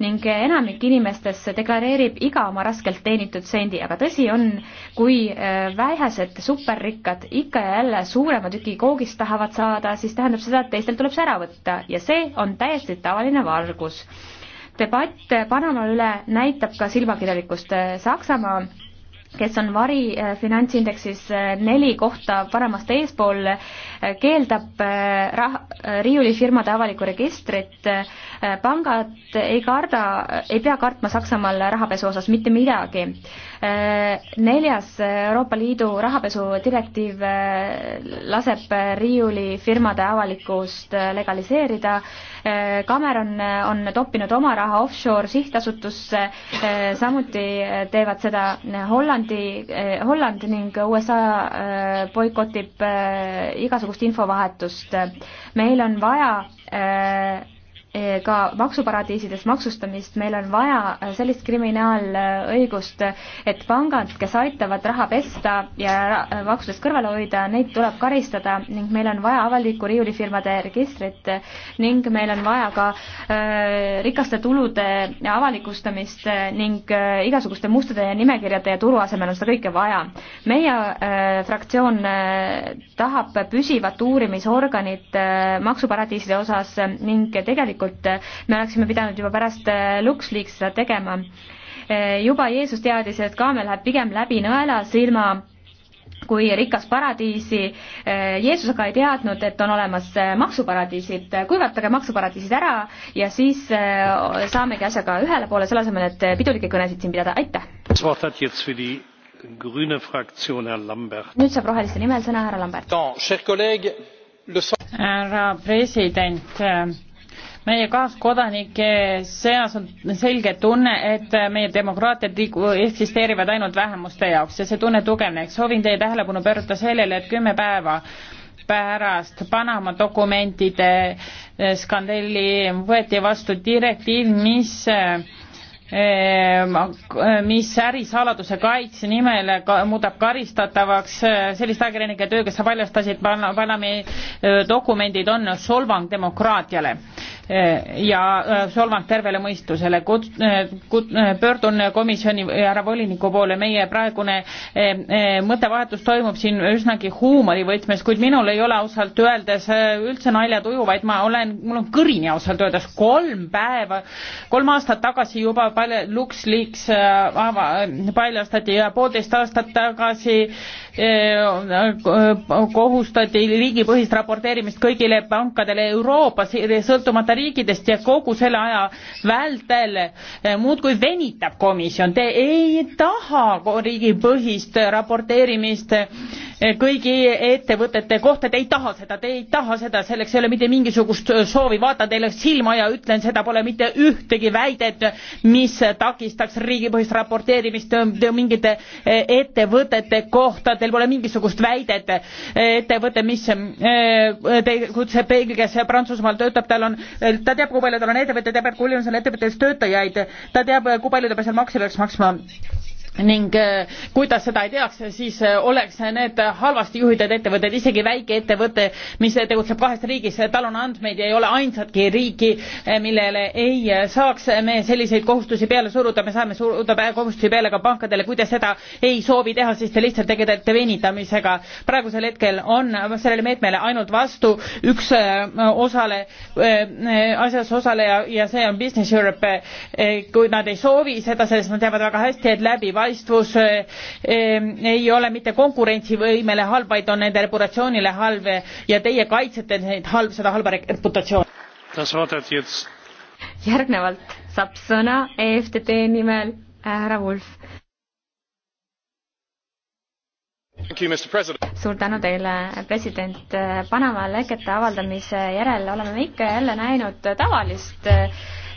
ning enamik inimestest deklareerib iga oma raskelt teenitud sendi, aga tõsi on, kui äh, vähesed superrikkad ikka ja jälle suurema tüki koogist tahavad saada, siis tähendab seda, et teistel tuleb see ära võtta ja see on täiesti tavaline vargus debatt Panama üle näitab ka silmakirjalikkust. Saksamaa kes on vari eh, finantsindeksis eh, neli kohta paremast eespool, eh, keeldab rah-, riiulifirmade avalikku registrit, pangad ei karda, ei pea kartma Saksamaal rahapesu osas mitte midagi. Äh, neljas Euroopa Liidu rahapesu direktiiv äh, laseb riiulifirmade avalikust äh, legaliseerida. Cameron on toppinud oma raha offshore sihtasutusse, samuti teevad seda Hollandi, Holland ning USA boikotib igasugust infovahetust. meil on vaja Eh, ka maksuparadiisides maksustamist, meil on vaja eh, sellist kriminaalõigust, et pangad, kes aitavad raha pesta ja eh, maksudest kõrvale hoida, neid tuleb karistada ning meil on vaja avalikku riiulifirmade registrit ning meil on vaja ka äh, rikaste tulude avalikustamist ning äh, igasuguste mustade ja nimekirjade ja turu asemel on seda kõike vaja. meie äh, fraktsioon tahab püsivat uurimisorganit maksuparadiiside osas ning tegelikult tegelikult eh, me oleksime pidanud juba pärast eh, LuxLeaks seda tegema. Eh, juba Jeesus teadis, et kaamel läheb pigem läbi nõela silma kui rikas paradiisi. Jeesus aga ei teadnud, et on olemas maksuparadiisid, kuivatage maksuparadiisid ära ja siis saamegi asjaga ühele poole, selle asemel, et pidulikke kõnesid siin pidada, aitäh! nüüd saab roheliste nimel sõna härra Lambert. härra president meie kaaskodanike seas on selge tunne, et meie demokraatiad eksisteerivad ainult vähemuste jaoks ja see tunne tugevneks. soovin teie tähelepanu pöörata sellele, et kümme päeva pärast Panama dokumentide skandaali võeti vastu direktiiv, mis eh, mis ärisaladuse kaitse nimel ka, muudab karistatavaks sellist ajakirjanike töö, kes paljastasid Panami eh, dokumendid on solvang demokraatiale ja äh, solvang tervele mõistusele. kut-, äh, kut-, äh, pöördun komisjoni härra voliniku poole, meie praegune mõttevahetus toimub siin üsnagi huumorivõtmes, kuid minul ei ole ausalt öeldes üldse naljatuju, vaid ma olen, mul on kõrini ausalt öeldes kolm päeva, kolm aastat tagasi juba palja-, LuxLeaks paljastati ja poolteist aastat tagasi Äh, äh, kohustati riigipõhist raporteerimist kõigile pankadele Euroopas sõltumata riikidest ja kogu selle aja vältel äh, muudkui venitab komisjon, te ei taha riigipõhist raporteerimist kõigi ettevõtete kohta te ei taha seda te ei taha seda selleks ei ole mitte mingisugust soovi vaatan teile silma ja ütlen seda pole mitte ühtegi väidet mis takistaks riigipõhist raporteerimist mingite ettevõtete kohta teil pole mingisugust väidet ettevõte mis eh, tegutseb belgias ja prantsusmaal töötab tal on ta teab kui palju tal on ettevõtteid ta teab kui palju on seal ettevõttes töötajaid ta teab kui palju ta seal makse peaks maksma ning eh, kui ta seda ei teaks, siis eh, oleks need halvasti juhitud ettevõtted, isegi väikeettevõte, mis tegutseb kahes riigis, tal on andmeid ja ei ole ainsatki riiki, eh, millele ei saaks me selliseid kohustusi peale suruda, me saame suruda kohustusi peale ka pankadele, kui te seda ei soovi teha, siis te lihtsalt tegelete venitamisega. praegusel hetkel on sellele meetmele ainult vastu üks osale, asjas osaleja ja see on Business Europe, kui nad ei soovi seda, sest nad teavad väga hästi, et läbi läbipaistvus eh, eh, ei ole mitte konkurentsivõimele halb, vaid on nende reputatsioonile halb ja teie kaitsete neid halb, seda halba reputatsiooni. järgnevalt saab sõna EFTT nimel härra Wulf. suur tänu teile, president. Panama lekete avaldamise järel oleme me ikka ja jälle näinud tavalist äh,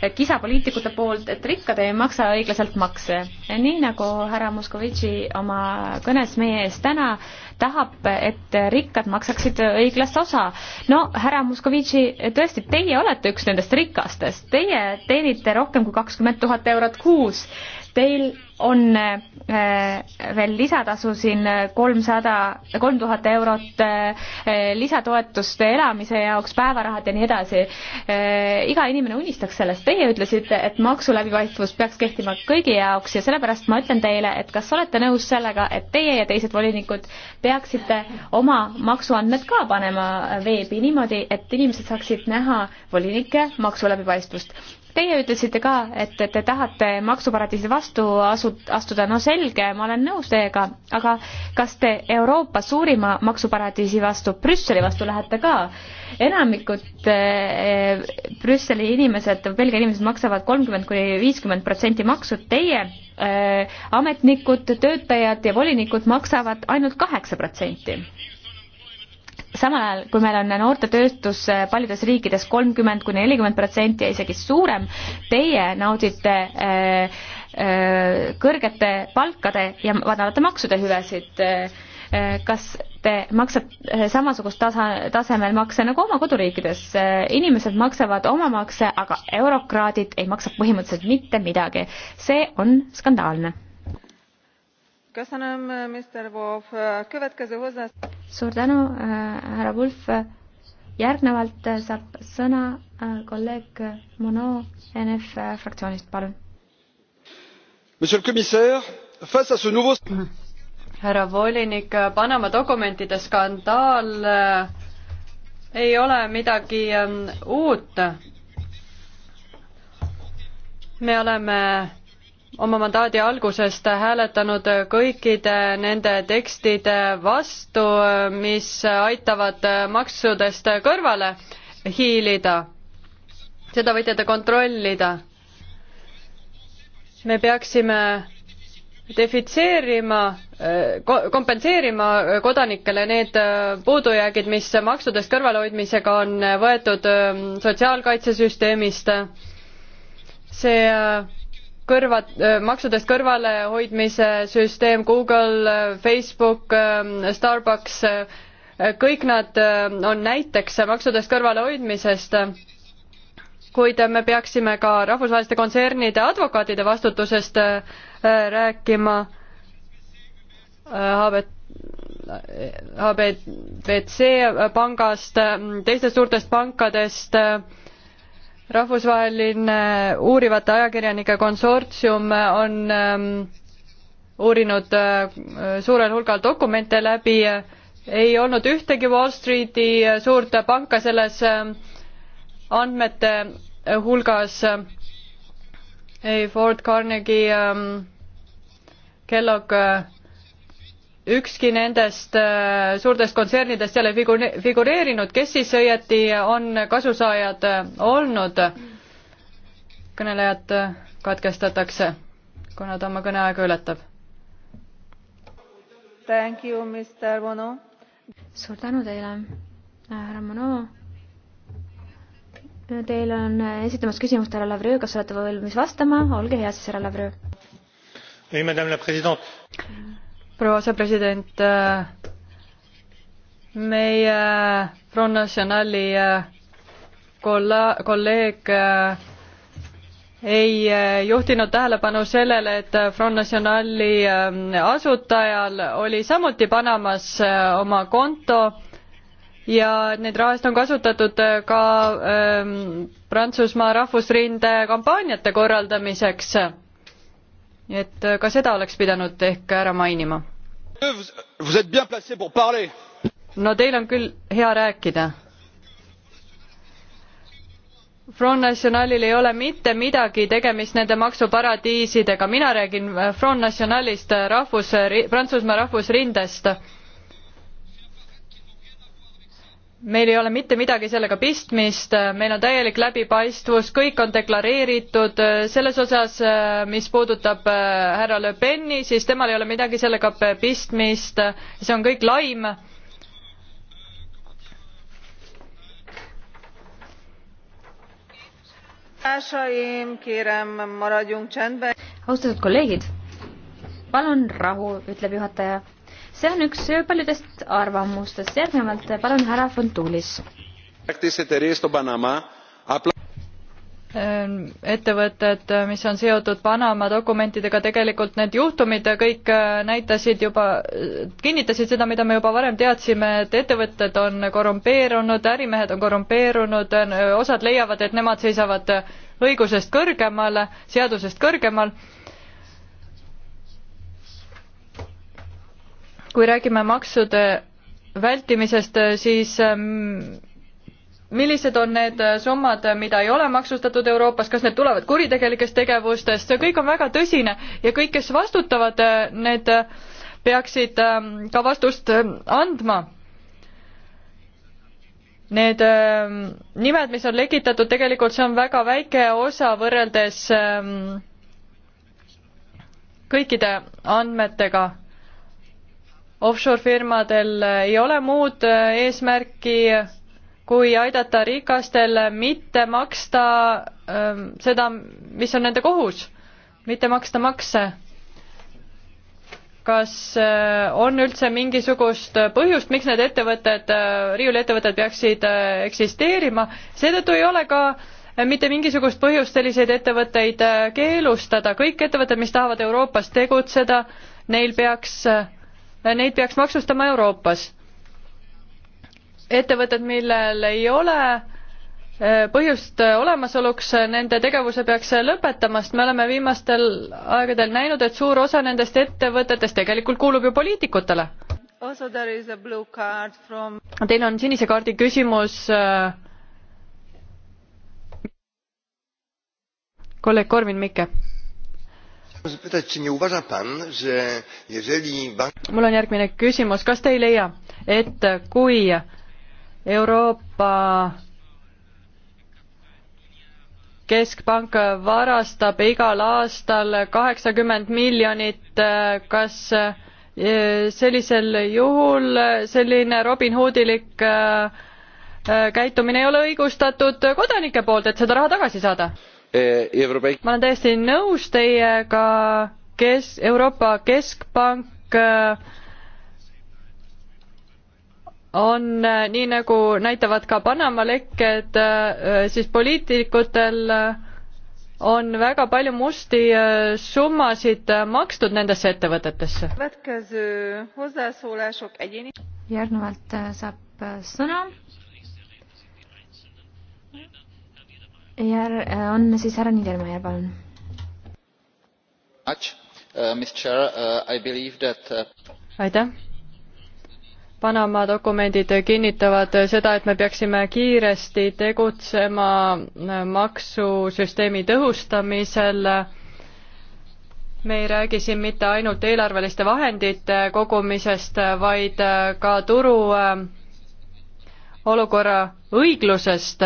kisa poliitikute poolt, et rikkad ei maksa õiglaselt makse. nii nagu härra Moskovitši oma kõnes meie ees täna tahab, et rikkad maksaksid õiglast osa. no härra Moskovitši, tõesti, teie olete üks nendest rikastest, teie teenite rohkem kui kakskümmend tuhat eurot kuus. Teil on äh, veel lisatasu siin kolmsada, kolm tuhat eurot äh, lisatoetust elamise jaoks, päevarahad ja nii edasi. Äh, iga inimene unistaks sellest, teie ütlesite, et maksu läbipaistvus peaks kehtima kõigi jaoks ja sellepärast ma ütlen teile, et kas olete nõus sellega, et teie ja teised volinikud peaksite oma maksuandmed ka panema veebi niimoodi, et inimesed saaksid näha volinike maksu läbipaistvust. Teie ütlesite ka, et te tahate maksuparadiisi vastu asuda asu-, astuda, no selge, ma olen nõus teiega, aga kas te Euroopa suurima maksuparadiisi vastu, Brüsseli vastu lähete ka? enamikud äh, Brüsseli inimesed, Belgia inimesed maksavad kolmkümmend kuni viiskümmend protsenti maksud, teie äh, ametnikud, töötajad ja volinikud maksavad ainult kaheksa protsenti samal ajal, kui meil on noortetööstus eh, paljudes riikides kolmkümmend kuni nelikümmend protsenti ja isegi suurem, teie naudite äh, Äh, kõrgete palkade ja madalate maksude hüvesid. Äh, kas te maksate samasugust tasa, tasemel makse nagu oma koduriikides? Äh, inimesed maksavad oma makse, aga eurokraadid ei maksa põhimõtteliselt mitte midagi. see on skandaalne. suur tänu, härra Wolf järgnevalt saab sõna kolleeg Mono NF fraktsioonist, palun härra volinik panama dokumentide skandaal äh, ei ole midagi ähm, uut. me oleme oma mandaadi algusest hääletanud kõikide nende tekstide vastu, mis aitavad maksudest kõrvale hiilida. seda võite te kontrollida me peaksime defitseerima, kompenseerima kodanikele need äh, puudujäägid, mis maksudest kõrvalehoidmisega on võetud ähm, sotsiaalkaitsesüsteemist. see äh, kõrva, äh, maksudest kõrvalehoidmise süsteem Google, Facebook, ähm, Starbucks, kõik nad on näiteks maksudest kõrvalehoidmisest kuid me peaksime ka rahvusvaheliste kontsernide advokaatide vastutusest äh, rääkima. HBTC äh, pangast, äh, teistest suurtest pankadest, rahvusvaheline uurivate ajakirjanike konsortsium on ähm, uurinud suurel hulgal dokumente läbi, ei olnud ühtegi Wall Streeti suurt panka selles äh, andmete hulgas ei Ford Carnegie ähm, Kellogg äh, ükski nendest äh, suurtest kontsernidest seal ei figureerinud, kes siis õieti on kasusaajad äh, olnud? kõnelejad katkestatakse, kuna ta oma kõneaega ületab. suur tänu teile, härra Mono Teil on esitamas küsimust härra Lavrõõ, kas olete valmis vastama, olge hea siis, härra Lavrõõ. proua asepresident, äh, meie Front Nationali äh, kolla-, kolleeg äh, ei juhtinud tähelepanu sellele, et Front Nationali asutajal oli samuti Panamas oma konto ja need rahast on kasutatud äh, ka ähm, Prantsusmaa rahvusrinde kampaaniate korraldamiseks. et äh, ka seda oleks pidanud ehk ära mainima. no teil on küll hea rääkida. Front Nationalil ei ole mitte midagi tegemist nende maksuparadiisidega, mina räägin äh, Front Nationalist rahvus, Prantsusmaa rahvusrindest meil ei ole mitte midagi sellega pistmist, meil on täielik läbipaistvus, kõik on deklareeritud, selles osas, mis puudutab äh, härra Le Peni, siis temal ei ole midagi sellega pistmist, see on kõik laim. austatud kolleegid, palun rahu, ütleb juhataja see on üks paljudest arvamustest. järgnevalt eh, palun härra Fontulis. Ähm, ettevõtted, äh, mis on seotud Panama dokumentidega, tegelikult need juhtumid kõik äh, näitasid juba, äh, kinnitasid seda, mida me juba varem teadsime, et ettevõtted on korrumpeerunud, ärimehed on korrumpeerunud, osad leiavad, et nemad seisavad õigusest kõrgemal, seadusest kõrgemal kui räägime maksude vältimisest, siis ähm, millised on need summad, mida ei ole maksustatud Euroopas, kas need tulevad kuritegelikest tegevustest, see kõik on väga tõsine ja kõik, kes vastutavad, äh, need äh, peaksid ähm, ka vastust äh, andma. Need ähm, nimed, mis on lekitatud, tegelikult see on väga väike osa võrreldes kõikide andmetega offshore firmadel ei ole muud äh, eesmärki kui aidata rikastel mitte maksta ähm, seda, mis on nende kohus, mitte maksta makse. kas äh, on üldse mingisugust põhjust, miks need ettevõtted äh,, riiuliettevõtted peaksid äh, eksisteerima, seetõttu ei ole ka äh, mitte mingisugust põhjust selliseid ettevõtteid äh, keelustada, kõik ettevõtted, mis tahavad Euroopas tegutseda, neil peaks äh, neid peaks maksustama Euroopas. ettevõtted, millel ei ole eh, põhjust eh, olemasoluks, eh, nende tegevuse peaks lõpetama, sest me oleme viimastel aegadel näinud, et suur osa nendest ettevõtetest tegelikult kuulub ju poliitikutele. From... Teil on sinise kaardi küsimus kolleeg Korvin Mikke mul on järgmine küsimus, kas te ei leia, et kui Euroopa keskpank varastab igal aastal kaheksakümmend miljonit, kas eh, sellisel juhul selline Robin Hoodilik eh, käitumine ei ole õigustatud kodanike poolt, et seda raha tagasi saada? Eh, ma olen täiesti nõus teiega, kes, Euroopa Keskpank eh, on eh, nii, nagu näitavad ka Panama lekked, siis poliitikutel on väga palju musti summasid makstud nendesse ettevõtetesse. järgnevalt saab sõna jär-, äh, on siis härra Niedermayer, palun. Uh, uh, uh, aitäh. Panama dokumendid kinnitavad seda, et me peaksime kiiresti tegutsema äh, maksusüsteemi tõhustamisel me ei räägi siin mitte ainult eelarveliste vahendite kogumisest, vaid äh, ka turu olukorra õiglusest.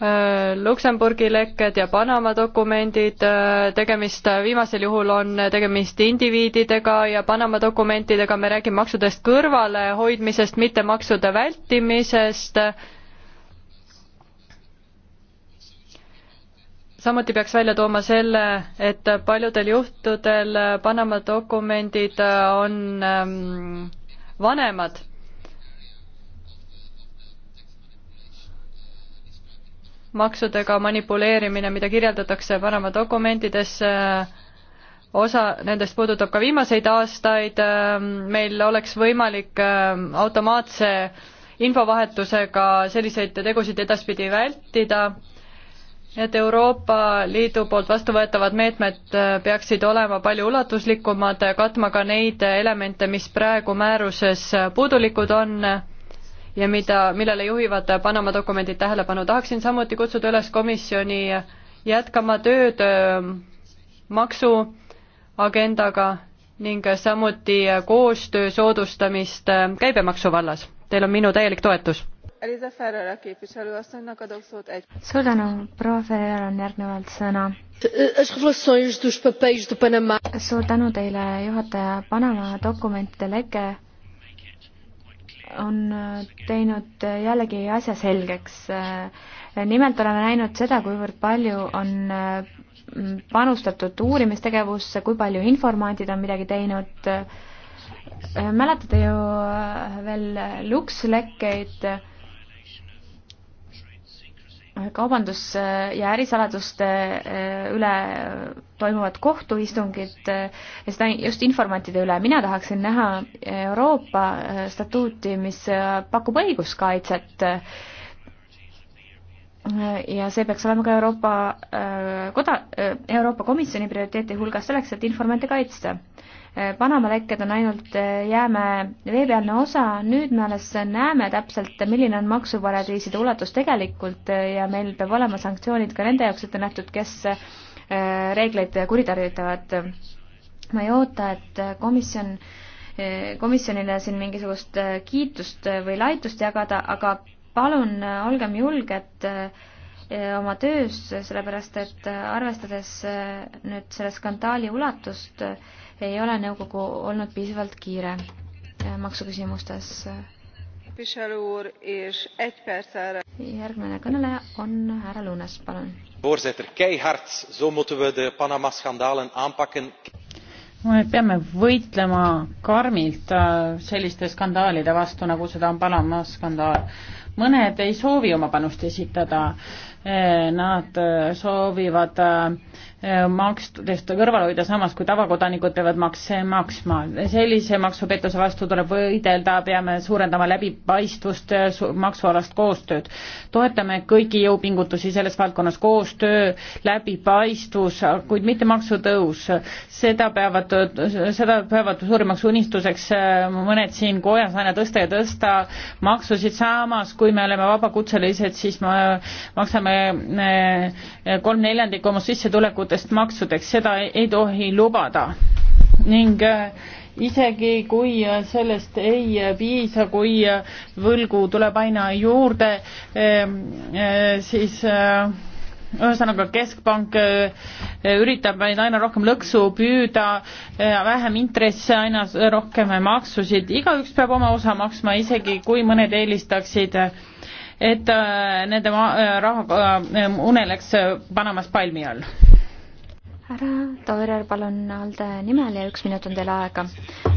Äh, Luksemburgi lekked ja Panama dokumendid, äh, tegemist, äh, viimasel juhul on tegemist indiviididega ja Panama dokumentidega me räägime maksudest kõrvalehoidmisest, mitte maksude vältimisest. samuti peaks välja tooma selle, et paljudel juhtudel Panama dokumendid on ähm, vanemad maksudega manipuleerimine, mida kirjeldatakse Panama dokumentides, äh, osa nendest puudutab ka viimaseid aastaid, äh, meil oleks võimalik äh, automaatse infovahetusega selliseid tegusid edaspidi vältida, et Euroopa Liidu poolt vastuvõetavad meetmed peaksid olema palju ulatuslikumad, katma ka neid elemente, mis praegu määruses puudulikud on ja mida, millele juhivad Panama dokumendid tähelepanu. tahaksin samuti kutsuda üles komisjoni jätkama tööd äh, maksuagendaga ning samuti koostöö soodustamist äh, käibemaksu vallas. Teil on minu täielik toetus. suur tänu, proua Ferrer on järgnevalt sõna as revelações dos papéis do Panamá. Suur tänu teile, juhataja. Panama dokumentide leke on äh, teinud äh, jällegi asja selgeks. Äh, nimelt oleme näinud seda, kuivõrd palju on panustatud uurimistegevusse, kui palju informaadid on midagi teinud. mäletate ju veel lukslekkeid kaubandus- ja ärisaladuste eh, üle toimuvad kohtuistungid ja eh, seda just informantide üle. mina tahaksin näha eh, Euroopa statuuti, mis pakub õiguskaitset ja see peaks olema ka Euroopa koda-, Euroopa Komisjoni prioriteeti hulgas selleks, et informante kaitsta Panama lekked on ainult eh, jäämäe veepealne osa, nüüd me alles näeme täpselt, milline on maksuparadiiside ulatus tegelikult eh, ja meil peab olema sanktsioonid ka nende jaoks ette nähtud, kes eh, reegleid kuritarvitavad. ma ei oota, et komisjon, komisjonile siin mingisugust kiitust või laitust jagada, aga palun olgem julged oma töös, sellepärast et arvestades nüüd selle skandaali ulatust, ei ole nõukogu olnud piisavalt kiire äh, maksuküsimustes. järgmine kõneleja on härra Lunes, palun. me peame võitlema karmilt äh, selliste skandaalide vastu, nagu seda on Panama skandaal. mõned ei soovi oma panust esitada, äh, nad soovivad äh, Äh, makstudest kõrvale hoida, samas kui tavakodanikud peavad makse maksma. sellise maksupettuse vastu tuleb võidelda, peame suurendama läbipaistvust, äh, maksualast koostööd. toetame kõiki jõupingutusi selles valdkonnas, koostöö, läbipaistvus, kuid mitte maksutõus. seda peavad, seda peavad suurimaks unistuseks äh, mõned siin kojas aina tõsta ja tõsta maksusid, samas kui me oleme vabakutselised, siis me maksame kolm neljandikku oma sissetulekut tuludest maksudeks, seda ei, ei tohi lubada. ning äh, isegi kui äh, sellest ei äh, piisa, kui võlgu tuleb aina juurde, ähm, siis ühesõnaga keskpank üritab meid aina rohkem lõksu püüda, vähem intresse, aina rohkem maksusid, igaüks peab oma osa maksma, isegi kui mõned eelistaksid et nende raha uneleks Panamas palmi all härra Toirer, palun ALDE nimel ja üks minut on teil aega.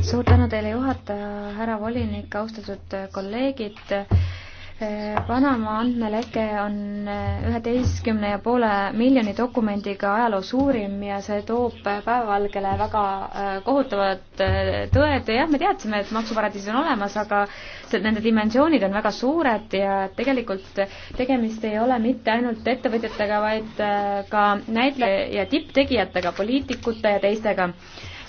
suur tänu teile, juhataja, härra volinik, austatud kolleegid Panama andmeleke on eh, üheteistkümne ja poole miljoni dokumendiga ajaloo suurim ja see toob päevavalgele väga eh, kohutavad eh, tõed. jah, me teadsime, et maksuparadiis on olemas, aga nende dimensioonid on väga suured ja tegelikult tegemist ei ole mitte ainult ettevõtjatega, vaid ka näitleja ja tipptegijatega, poliitikute ja teistega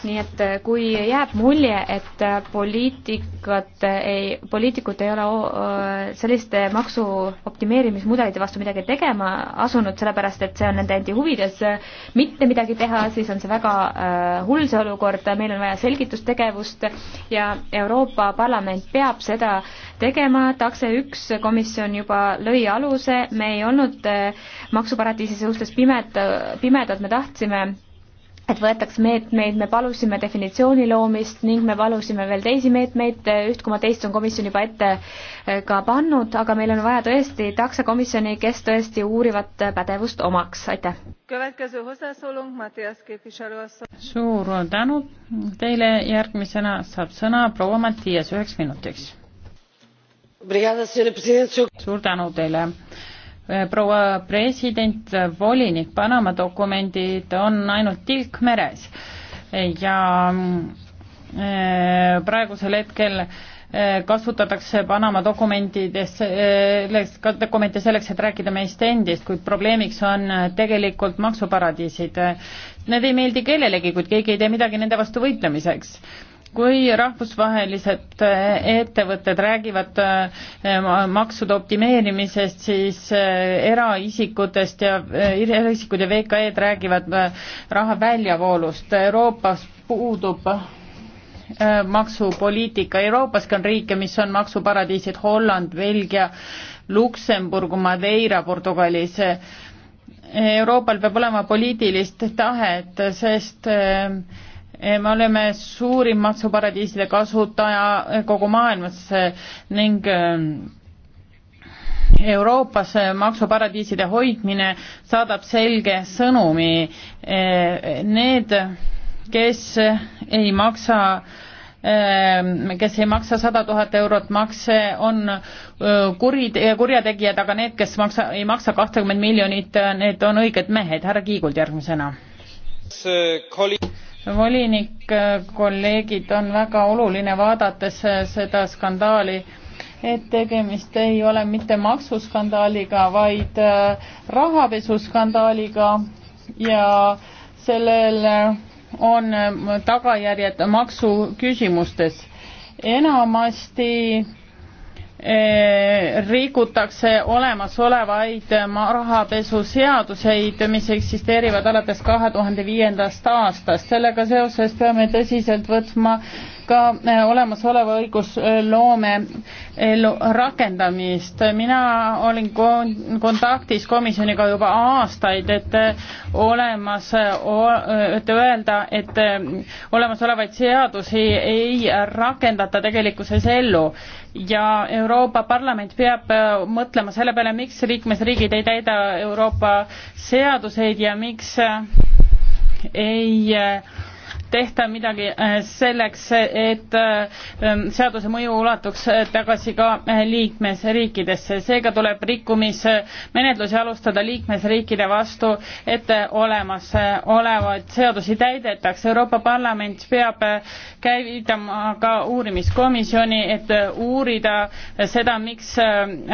nii et äh, kui jääb mulje, et äh, poliitikat äh, ei, poliitikud ei ole selliste maksu optimeerimismudelite vastu midagi tegema asunud, sellepärast et see on nende endi huvides mitte midagi teha, siis on see väga hull see olukord, meil on vaja selgitustegevust ja Euroopa Parlament peab seda tegema, takse üks komisjon juba lõi aluse, me ei olnud maksuparadiisi suhtes pimed, pimedad, me tahtsime et võetaks meetmeid, me palusime definitsiooni loomist ning me palusime veel teisi meetmeid, üht koma teist on komisjon juba ette eh, ka pannud, aga meil on vaja tõesti taksokomisjoni, kes tõesti uurivat pädevust omaks, aitäh. suur tänu teile, järgmisena saab sõna proua Mattias üheks minutiks. suur tänu teile Eh, proua president, volinik, Panama dokumendid on ainult tilk meres eh, ja eh, praegusel hetkel kasutatakse Panama dokumentides, dokumente selleks, et rääkida meist endist, kuid probleemiks on tegelikult maksuparadiisid. Need ei meeldi kellelegi, kuid keegi ei tee midagi nende vastu võitlemiseks kui rahvusvahelised äh, ettevõtted räägivad äh, maksude optimeerimisest, siis äh, eraisikutest ja, eraisikud ja VKE-d räägivad raha väljavoolust. Euroopas puudub maksupoliitika, Euroopaski on riike, mis on maksuparadiisid, Holland, Belgia, Luksemburg, Madeira Portugalis. Euroopal peab olema poliitilist tahet, sest äh, Eh, me oleme suurim maksuparadiiside kasutaja eh, kogu maailmas ning eh, Euroopas maksuparadiiside hoidmine saadab selge sõnumi. Need, kes ei maksa kes ei maksa sada tuhat eurot makse, on kurid-, kurjategijad, aga need, kes maksa, ei maksa kahtekümmet miljonit, need on õiged mehed. härra Kiigult järgmisena volinik, äh, kolleegid, on väga oluline, vaadates äh, seda skandaali, et tegemist ei ole mitte maksuskandaaliga, vaid äh, rahapesuskandaaliga ja sellel on tagajärjed maksuküsimustes. enamasti Eh, rikutakse olemasolevaid rahapesuseaduseid, mis eksisteerivad alates kahe tuhande viiendast aastast. sellega seoses peame tõsiselt võtma ka äh, olemasoleva õigusloome äh, rakendamist. mina olin kontaktis komisjoniga juba aastaid, et äh, olemas, et öelda, et olemasolevaid seadusi ei rakendata tegelikkuses ellu ja Euroopa Parlament peab mõtlema selle peale, miks liikmesriigid ei täida Euroopa seaduseid ja miks ei äh, tehta midagi äh, selleks, et äh, ähm, seaduse mõju ulatuks äh, tagasi ka liikmesriikidesse. seega tuleb rikkumismenetlusi alustada liikmesriikide vastu, et olemasolevaid seadusi täidetaks. Euroopa Parlament peab käivitama ka uurimiskomisjoni, et uurida seda, miks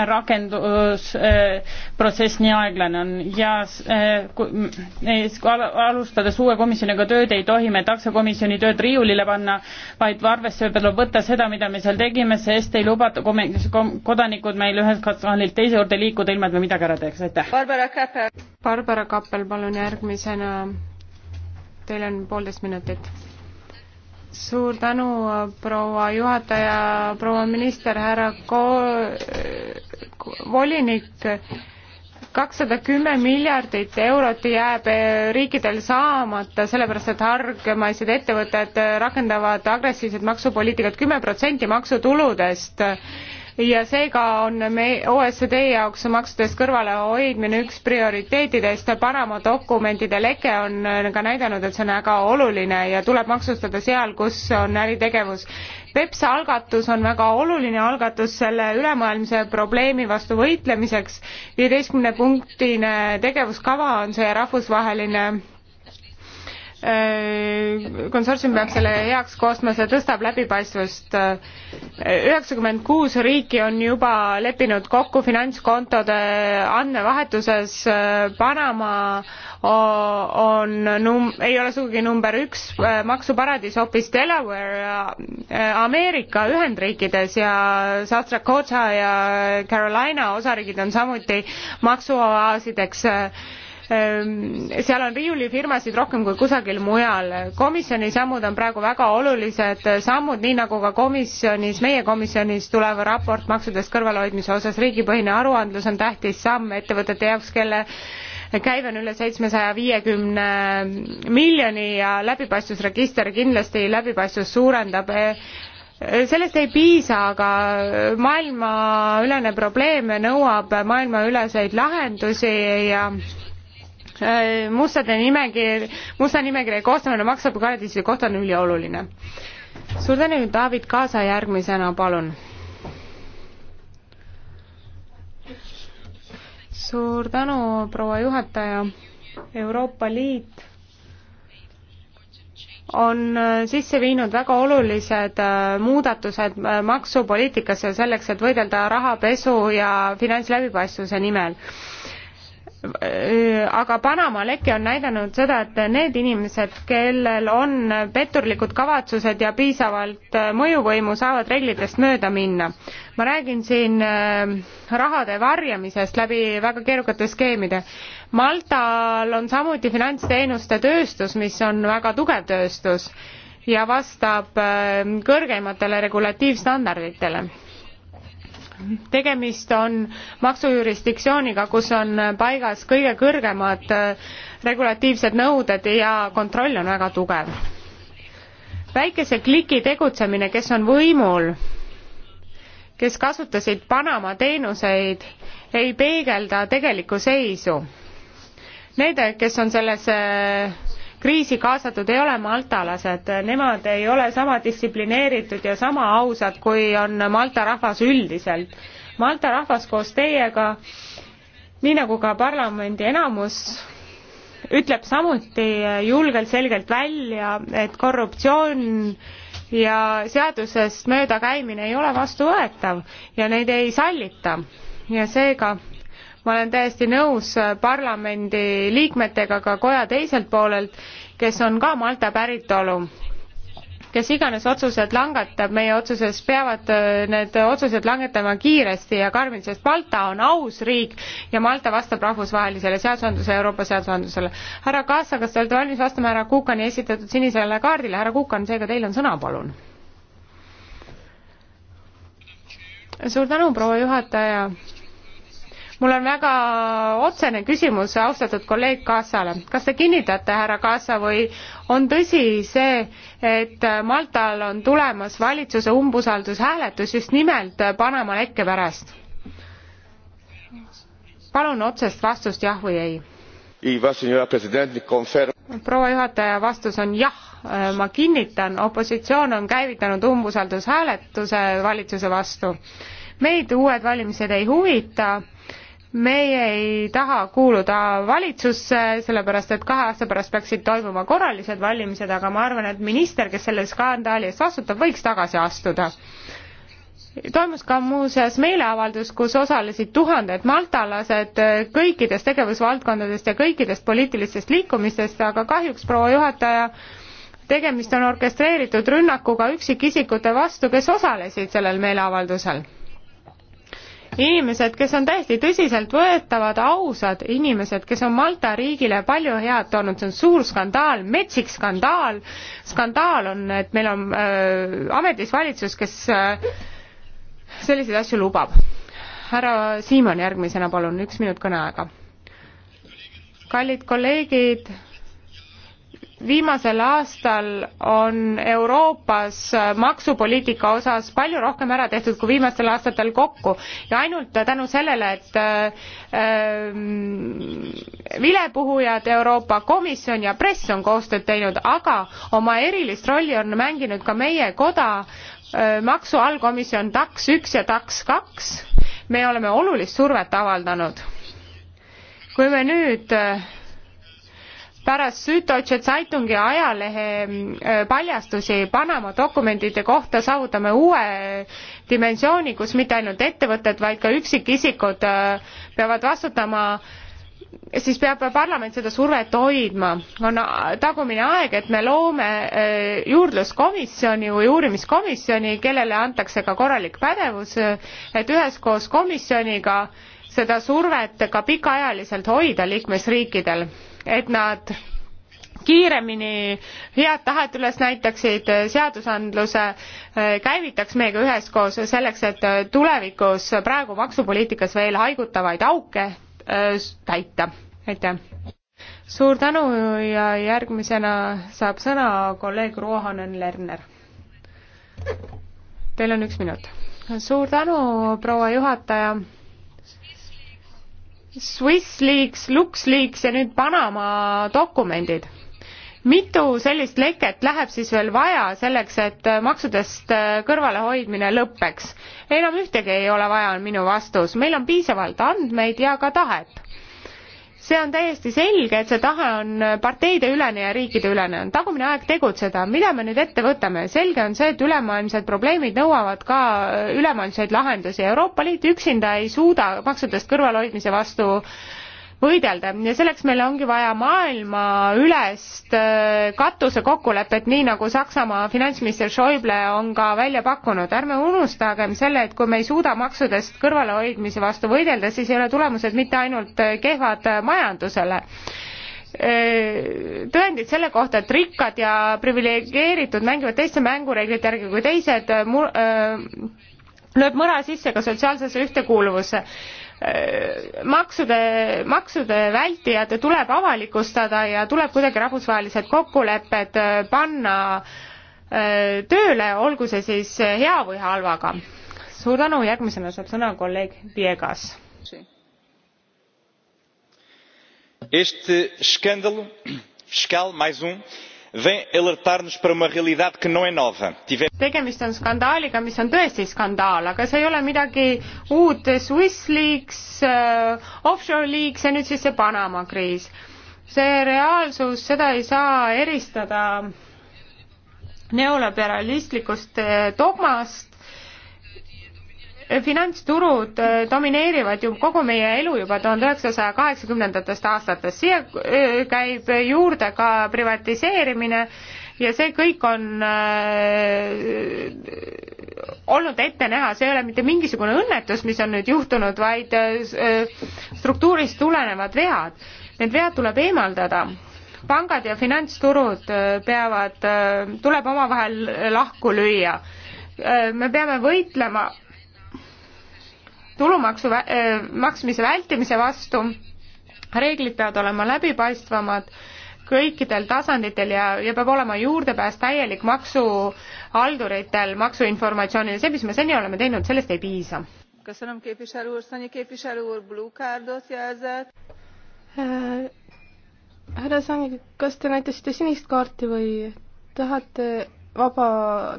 rakendusprotsess nii aeglane on ja mm, alustades uue komisjoniga tööd ei tohi me takso- komisjoni tööd riiulile panna, vaid arvesse tuleb võtta seda, mida me seal tegime, sest ei luba kodanikud meil ühelt kanalilt teise juurde liikuda, ilma et me midagi ära teeks, aitäh. Barbara Kappel. Barbara Kappel, palun järgmisena. Teil on poolteist minutit suur tänu, proua juhataja, proua minister, härra ko-, volinik kakssada kümme miljardit eurot jääb eh, riikidel saamata, sellepärast et hargmaised ettevõtted eh, rakendavad agressiivset maksupoliitikat kümme protsenti maksutuludest ja seega on me OECD jaoks maksudest kõrvalehoidmine üks prioriteetidest. Panama dokumentide leke on eh, ka näidanud, et see on väga oluline ja tuleb maksustada seal, kus on äritegevus. BEPS algatus on väga oluline algatus selle ülemaailmse probleemi vastu võitlemiseks. viieteistkümne punktine tegevuskava on see rahvusvaheline Äh, konsortsium peab selle heaks koostama, see tõstab läbipaistvust. Äh, üheksakümmend kuus riiki on juba leppinud kokku finantskontode andmevahetuses, äh, Panama on num-, ei ole sugugi number üks maksuparadiis, hoopis Delaware Ameerika Ühendriikides ja South Dakota ja Carolina osariigid on samuti maksuoaasideks Ehm, seal on riiulifirmasid rohkem kui kusagil mujal. komisjoni sammud on praegu väga olulised sammud, nii nagu ka komisjonis, meie komisjonis tulev raport maksudest kõrvalehoidmise osas, riigipõhine aruandlus on tähtis samm ettevõtete jaoks, kelle käive on üle seitsmesaja viiekümne miljoni ja läbipaistvusregister kindlasti läbipaistvust suurendab e, sellest ei piisa, aga maailmaülene probleem nõuab maailmaüleseid lahendusi ja Äh, mustade nimekiri, musta nimekirja koostamine maksuparadiiside kohta on ülioluline. suur tänu, David Kaasa, järgmisena palun. suur tänu, proua juhataja. Euroopa Liit on äh, sisse viinud väga olulised äh, muudatused maksupoliitikasse selleks, et võidelda rahapesu ja finantsläbipaistvuse nimel aga Panama leke on näidanud seda, et need inimesed, kellel on petturlikud kavatsused ja piisavalt mõjuvõimu, saavad reeglitest mööda minna. ma räägin siin äh, rahade varjamisest läbi väga keerukate skeemide. Maltal on samuti finantsteenuste tööstus, mis on väga tugev tööstus ja vastab äh, kõrgematele regulatiivstandarditele tegemist on maksujurisdiktsiooniga, kus on paigas kõige kõrgemad äh, regulatiivsed nõuded ja kontroll on väga tugev. väikese kliki tegutsemine, kes on võimul, kes kasutasid Panama teenuseid, ei peegelda tegelikku seisu. Need, kes on selles äh, kriisi kaasatud ei ole maltalased, nemad ei ole sama distsiplineeritud ja sama ausad, kui on Malta rahvas üldiselt. Malta rahvas koos teiega, nii nagu ka parlamendi enamus, ütleb samuti julgelt selgelt välja, et korruptsioon ja seadusest möödakäimine ei ole vastuvõetav ja neid ei sallita ja seega ma olen täiesti nõus äh, parlamendi liikmetega ka koja teiselt poolelt, kes on ka Malta päritolu. kes iganes otsused langetab meie otsuses, peavad äh, need otsused langetama kiiresti ja karmilt, sest Malta on aus riik ja Malta vastab rahvusvahelisele seadusandluse, Euroopa seadusandlusele. härra Kaasa, kas te olete valmis vastama härra Kukani esitatud sinisele kaardile? härra Kukan, seega teil on sõna, palun. suur tänu, proua juhataja mul on väga otsene küsimus austatud kolleeg Kaasale. kas te kinnitate, härra Kaasa, või on tõsi see, et Maltal on tulemas valitsuse umbusaldushääletus just nimelt Panama lekke pärast? palun otsest vastust jah või ei. proua juhataja, vastus on jah ma kinnitan, opositsioon on käivitanud umbusaldushääletuse valitsuse vastu. meid uued valimised ei huvita meie ei taha kuuluda valitsusse, sellepärast et kahe aasta pärast peaksid toimuma korralised valimised, aga ma arvan, et minister, kes selle skandaali eest vastutab, võiks tagasi astuda. toimus ka muuseas meeleavaldus, kus osalesid tuhanded maltalased kõikidest tegevusvaldkondadest ja kõikidest poliitilistest liikumistest, aga kahjuks proua juhataja tegemist on orkestreeritud rünnakuga üksikisikute vastu, kes osalesid sellel meeleavaldusel inimesed, kes on täiesti tõsiseltvõetavad, ausad inimesed, kes on Malta riigile palju head toonud, see on suur skandaal, metsik skandaal. skandaal on, et meil on äh, ametis valitsus, kes äh, selliseid asju lubab. härra Siimon järgmisena, palun, üks minut kõneaega. kallid kolleegid viimasel aastal on Euroopas maksupoliitika osas palju rohkem ära tehtud kui viimastel aastatel kokku ja ainult tänu sellele, et äh, vilepuhujad, Euroopa Komisjon ja press on koostööd teinud, aga oma erilist rolli on mänginud ka meie koda äh,, maksu allkomisjon TAX üks ja TAX kaks. me oleme olulist survet avaldanud. kui me nüüd äh, pärast Süddeutsche Zeitungi ajalehe äh, paljastusi Panama dokumentide kohta saavutame uue dimensiooni, kus mitte ainult ettevõtted, vaid ka üksikisikud äh, peavad vastutama siis peab parlament seda survet hoidma. on tagumine aeg, et me loome äh, juurdluskomisjoni või uurimiskomisjoni, kellele antakse ka korralik pädevus, et üheskoos komisjoniga seda survet ka pikaajaliselt hoida liikmesriikidel et nad kiiremini head tahet üles näitaksid, seadusandluse eh, käivitaks meiega üheskoos selleks, et tulevikus praegu maksupoliitikas veel haigutavaid auke eh, täita. aitäh! suur tänu ja järgmisena saab sõna kolleeg Ruohonen Lerner. Teil on üks minut. suur tänu, proua juhataja Swiss Leaks, Lux Leaks ja nüüd Panama dokumendid. mitu sellist leket läheb siis veel vaja selleks, et äh, maksudest äh, kõrvalehoidmine lõpeks? enam ühtegi ei ole vaja, on minu vastus. meil on piisavalt andmeid ja ka tahet see on täiesti selge, et see tahe on parteideülene ja riikideülene, on tagumine aeg tegutseda. mida me nüüd ette võtame? selge on see, et ülemaailmsed probleemid nõuavad ka ülemaailmseid lahendusi. Euroopa Liit üksinda ei suuda maksudest kõrvalhoidmise vastu võidelda ja selleks meil ongi vaja maailmaülest äh, katusekokkulepet, nii nagu Saksamaa finantsminister Schäuble on ka välja pakkunud. ärme unustagem selle, et kui me ei suuda maksudest kõrvalehoidmise vastu võidelda, siis ei ole tulemused mitte ainult äh, kehvad äh, majandusele tõendid selle kohta, et rikkad ja priviligeeritud mängivad teiste mängureeglite järgi kui teised, lööb mõra sisse ka sotsiaalsesse ühtekuuluvusse. Äh, maksude, maksude vältijad tuleb avalikustada ja tuleb kuidagi rahvusvahelised kokkulepped äh, panna äh, tööle, olgu see siis hea või halvaga. suur tänu, järgmisena saab sõna kolleeg Viegas. Este escândalo fiscal mais um tegemist on skandaaliga mis on tõesti skandaal aga see ei ole midagi uut swiss leaks äh, offshore leaks ja nüüd siis see panama kriis see reaalsus seda ei saa eristada neoliberalistlikust äh, dogmast finantsturud äh, domineerivad ju kogu meie elu juba tuhande üheksasaja kaheksakümnendatest aastatest, siia äh, käib juurde ka privatiseerimine ja see kõik on äh, olnud ette näha, see ei ole mitte mingisugune õnnetus, mis on nüüd juhtunud, vaid äh, struktuurist tulenevad vead. Need vead tuleb eemaldada pangad ja finantsturud äh, peavad, tuleb omavahel lahku lüüa. me peame võitlema tulumaksu äh, maksmise vältimise vastu. reeglid peavad olema läbipaistvamad kõikidel tasanditel ja, ja peab olema juurdepääs täielik maksuhalduritel maksuinformatsioonile, see, mis me seni oleme teinud, sellest ei piisa. Äh, härra Sanik, kas te näitasite sinist kaarti või tahate vaba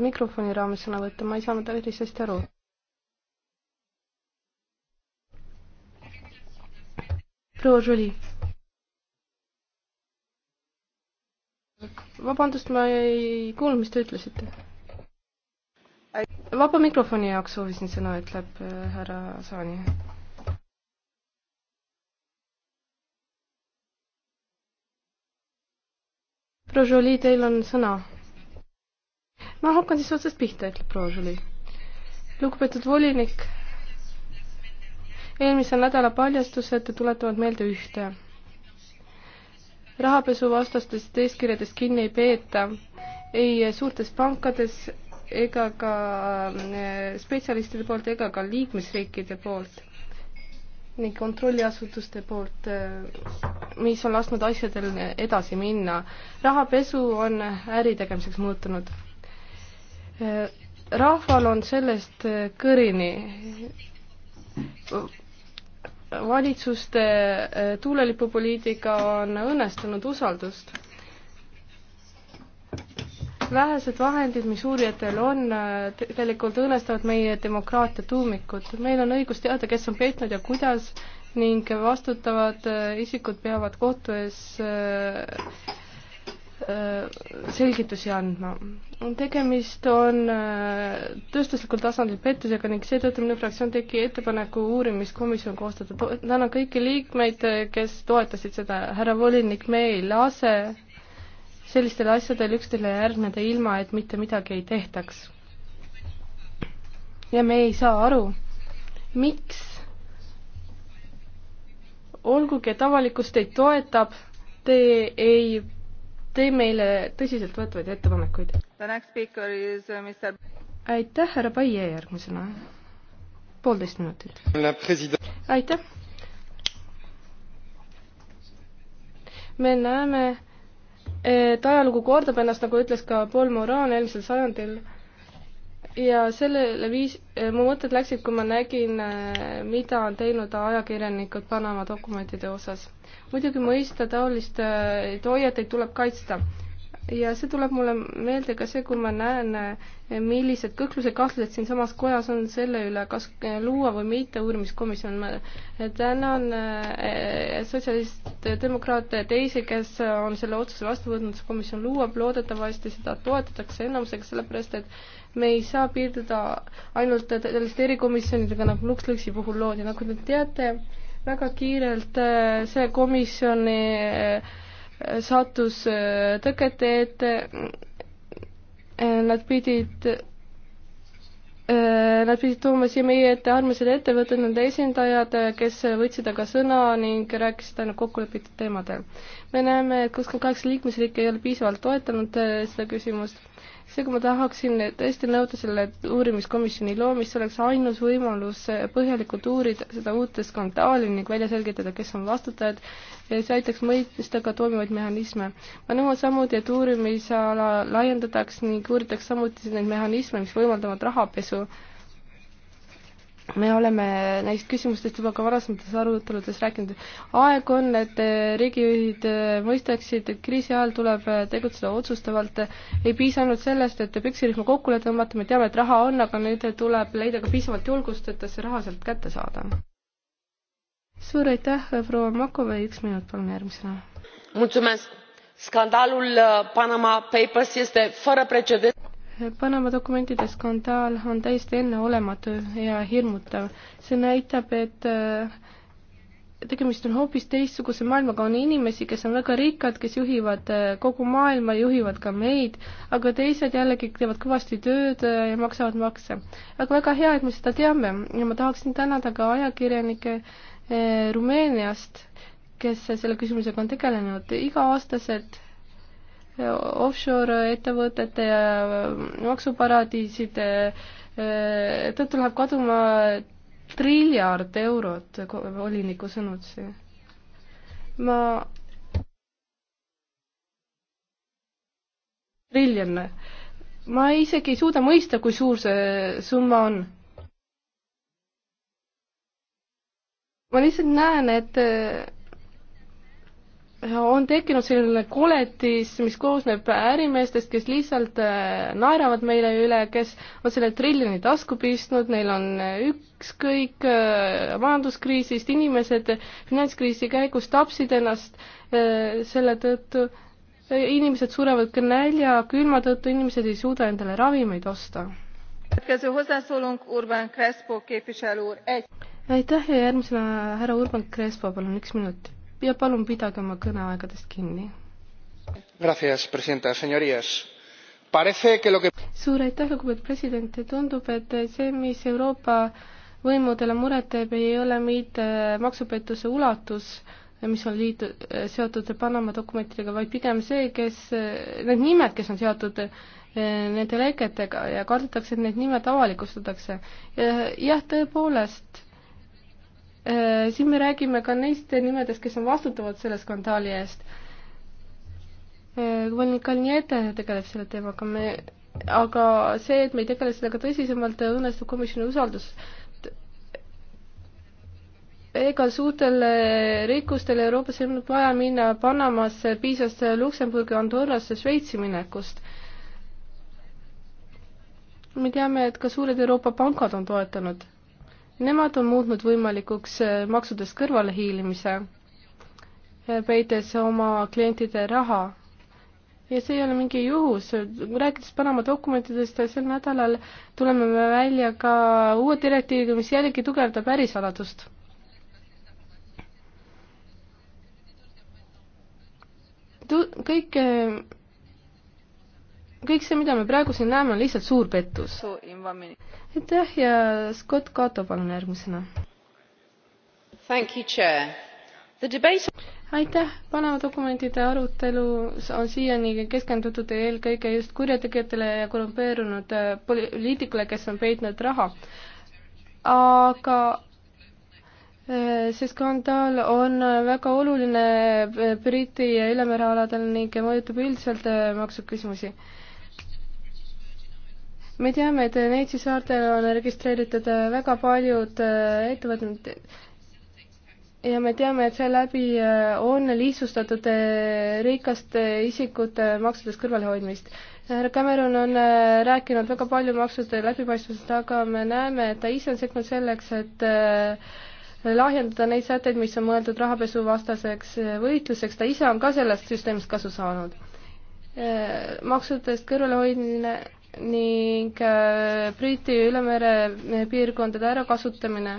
mikrofoni raames sõna võtta, ma ei saanud päris hästi aru. proua Žuli. vabandust, ma ei kuulnud, mis te ütlesite. vaba mikrofoni jaoks soovisin sõna, ütleb äh, härra Saani. proua Žuli, teil on sõna. ma hakkan siis otsast pihta, ütleb proua Žuli. lugupeetud volinik eelmise nädala paljastused tuletavad meelde ühte. rahapesuvastastest eeskirjadest kinni ei peeta ei suurtes pankades ega ka äh, spetsialistide poolt ega ka liikmesriikide poolt ning kontrolliasutuste poolt, äh, mis on lasknud asjadel edasi minna. rahapesu on äritegemiseks muutunud. Äh, rahval on sellest kõrini valitsuste eh, tuulelipupoliitika on õnnestunud usaldust. vähesed vahendid, mis uurijatel on, eh, tegelikult õõnestavad meie demokraatia tuumikut. meil on õigus teada, kes on peitnud ja kuidas ning vastutavad eh, isikud peavad kohtu ees Äh, selgitusi andma. tegemist on äh, tööstuslikul tasandil pettusega ning seetõttu minu fraktsioon tegi ettepaneku uurimiskomisjon koostada. tänan kõiki liikmeid, äh, kes toetasid seda. härra volinik, me ei lase sellistel asjadel üksteisele järgneda ilma, et mitte midagi ei tehtaks. ja me ei saa aru, miks olgugi, et avalikkus teid toetab, te ei tee meile tõsiseltvõetavaid ettepanekuid. Uh, aitäh, härra Paie järgmisena. poolteist minutit. aitäh. me näeme, et ajalugu kordab ennast, nagu ütles ka Paul Moran eelmisel sajandil ja sellele viis, mu mõtted läksid, kui ma nägin, äh, mida on teinud ajakirjanikud Panama dokumentide osas. muidugi mõista taolist hoiateid äh, tuleb kaitsta, ja see tuleb mulle meelde ka see, kui ma näen, millised kõhklused, kahtlused siinsamas kojas on selle üle, kas luua või mitte uurimiskomisjon. tänan eh, sotsialiste, demokraate ja teisi, kes on selle otsuse vastu võtnud, see komisjon luuab, loodetavasti seda toetatakse enamusega, sellepärast et me ei saa piirduda ainult selliste erikomisjonidega nagu LuxLeaksi puhul loodi, nagu te teate, väga kiirelt eh, see komisjoni eh, sattus äh, tõkete ette. Äh, nad pidid, äh, nad pidid tooma siia meie ette armsad ettevõtted, nende esindajad, kes võtsid aga sõna ning rääkisid ainult kokkulepitud teemadel. me näeme, et kuuskümmend kaheksa liikmesriiki ei ole piisavalt toetanud seda küsimust seega ma tahaksin tõesti nõuda selle uurimiskomisjoni loomist, see oleks ainus võimalus põhjalikult uurida seda uut skandaali ning välja selgitada, kes on vastutajad ja see aitaks mõista ka toimivaid mehhanisme. ma nõuan samuti, et uurimisala laiendataks ning uuritaks samuti neid mehhanisme, mis võimaldavad rahapesu me oleme neist küsimustest juba ka varasemates aruteludes rääkinud. aeg on, et äh, riigijuhid äh, mõistaksid, et kriisi ajal tuleb äh, tegutseda otsustavalt. ei piisa ainult sellest, et püksirihma kokkule tõmmata, me teame, et raha on, aga nüüd tuleb leida ka piisavalt julgust, et see raha sealt kätte saada. suur aitäh, proua Makove, üks minut palun järgmisena. skandalul Panama Papers este fără precedent Panama dokumentide skandaal on täiesti enneolematu ja hirmutav. see näitab, et äh, tegemist on hoopis teistsuguse maailmaga, on inimesi, kes on väga rikkad, kes juhivad äh, kogu maailma, juhivad ka meid, aga teised jällegi teevad kõvasti tööd äh, ja maksavad makse. aga väga hea, et me seda teame ja ma tahaksin tänada ka ajakirjanikke Rumeeniast, kes selle küsimusega on tegelenud iga-aastaselt offshore-ettevõtete ja maksuparadiiside eh, tõttu läheb kaduma triljard eurot, voliniku sõnutsi. ma triljon. ma isegi ei suuda mõista, kui suur see summa on. ma lihtsalt näen, et eh, on tekkinud selline koletis, mis koosneb ärimeestest, kes lihtsalt äh, naeravad meile üle, kes on selle triljoni tasku pistnud, neil on ükskõik äh, majanduskriisist, inimesed finantskriisi käigus tapsid ennast äh, selle tõttu, inimesed surevad ka nälja, külma tõttu inimesed ei suuda endale ravimeid osta. aitäh ja järgmisena härra Urban Crespo, palun üks minut ja palun pidage oma kõneaegadest kinni. suur aitäh, lugupeetud president, tundub, et see, mis Euroopa võimudele muret teeb, ei ole mitte maksupettuse ulatus, mis on liitu-, seotud Panama dokumentidega, vaid pigem see, kes, need nimed, kes on seotud eh, nende leketega ja kardetakse, et need nimed avalikustatakse ja,. jah, tõepoolest Äh, siin me räägime ka neist nimedest, kes on vastutavad selle skandaali eest. Äh, volinik Kalniete tegeleb selle teemaga, me, aga see, et me ei tegele sellega tõsisemalt, õõnestab komisjoni usaldust. ega suurtel äh, rikkustel Euroopas ei olnud vaja minna Panamasse, piisas Luksemburgi, Andorrasse, Šveitsi minekust. me teame, et ka suured Euroopa pangad on toetanud Nemad on muutnud võimalikuks eh, maksudest kõrvalehiilimise, eh, peides oma klientide raha. ja see ei ole mingi juhus, rääkides Panama dokumentidest, eh, sel nädalal tuleme me välja ka uue direktiiviga, mis jällegi tugevdab ärisaladust. kõik kõik see, mida me praegu siin näeme, on lihtsalt suur pettus. aitäh ja Scott Cato, palun järgmisena. aitäh, Panama dokumentide arutelus on siiani keskendutud eelkõige just kurjategijatele ja korrumpeerunud äh, poliitikule, kes on peitnud raha. aga äh, see skandaal on väga oluline äh, Briti ülemerealadel ning mõjutab üldiselt maksuküsimusi me teame, et Neitsi saartel on registreeritud väga paljud äh, ettevõtted ja me teame, et seeläbi äh, on lihtsustatud äh, rikaste isikute maksudest kõrvalhoidmist. härra Cameron on rääkinud väga palju maksude läbipaistvusest, aga me näeme, et ta ise on sekkunud selleks, et lahjendada neid sätteid, mis on mõeldud rahapesuvastaseks võitluseks, ta ise on ka sellest süsteemist kasu saanud. maksudest kõrvalehoidmine ning äh, Briti ülemere äh, piirkondade ärakasutamine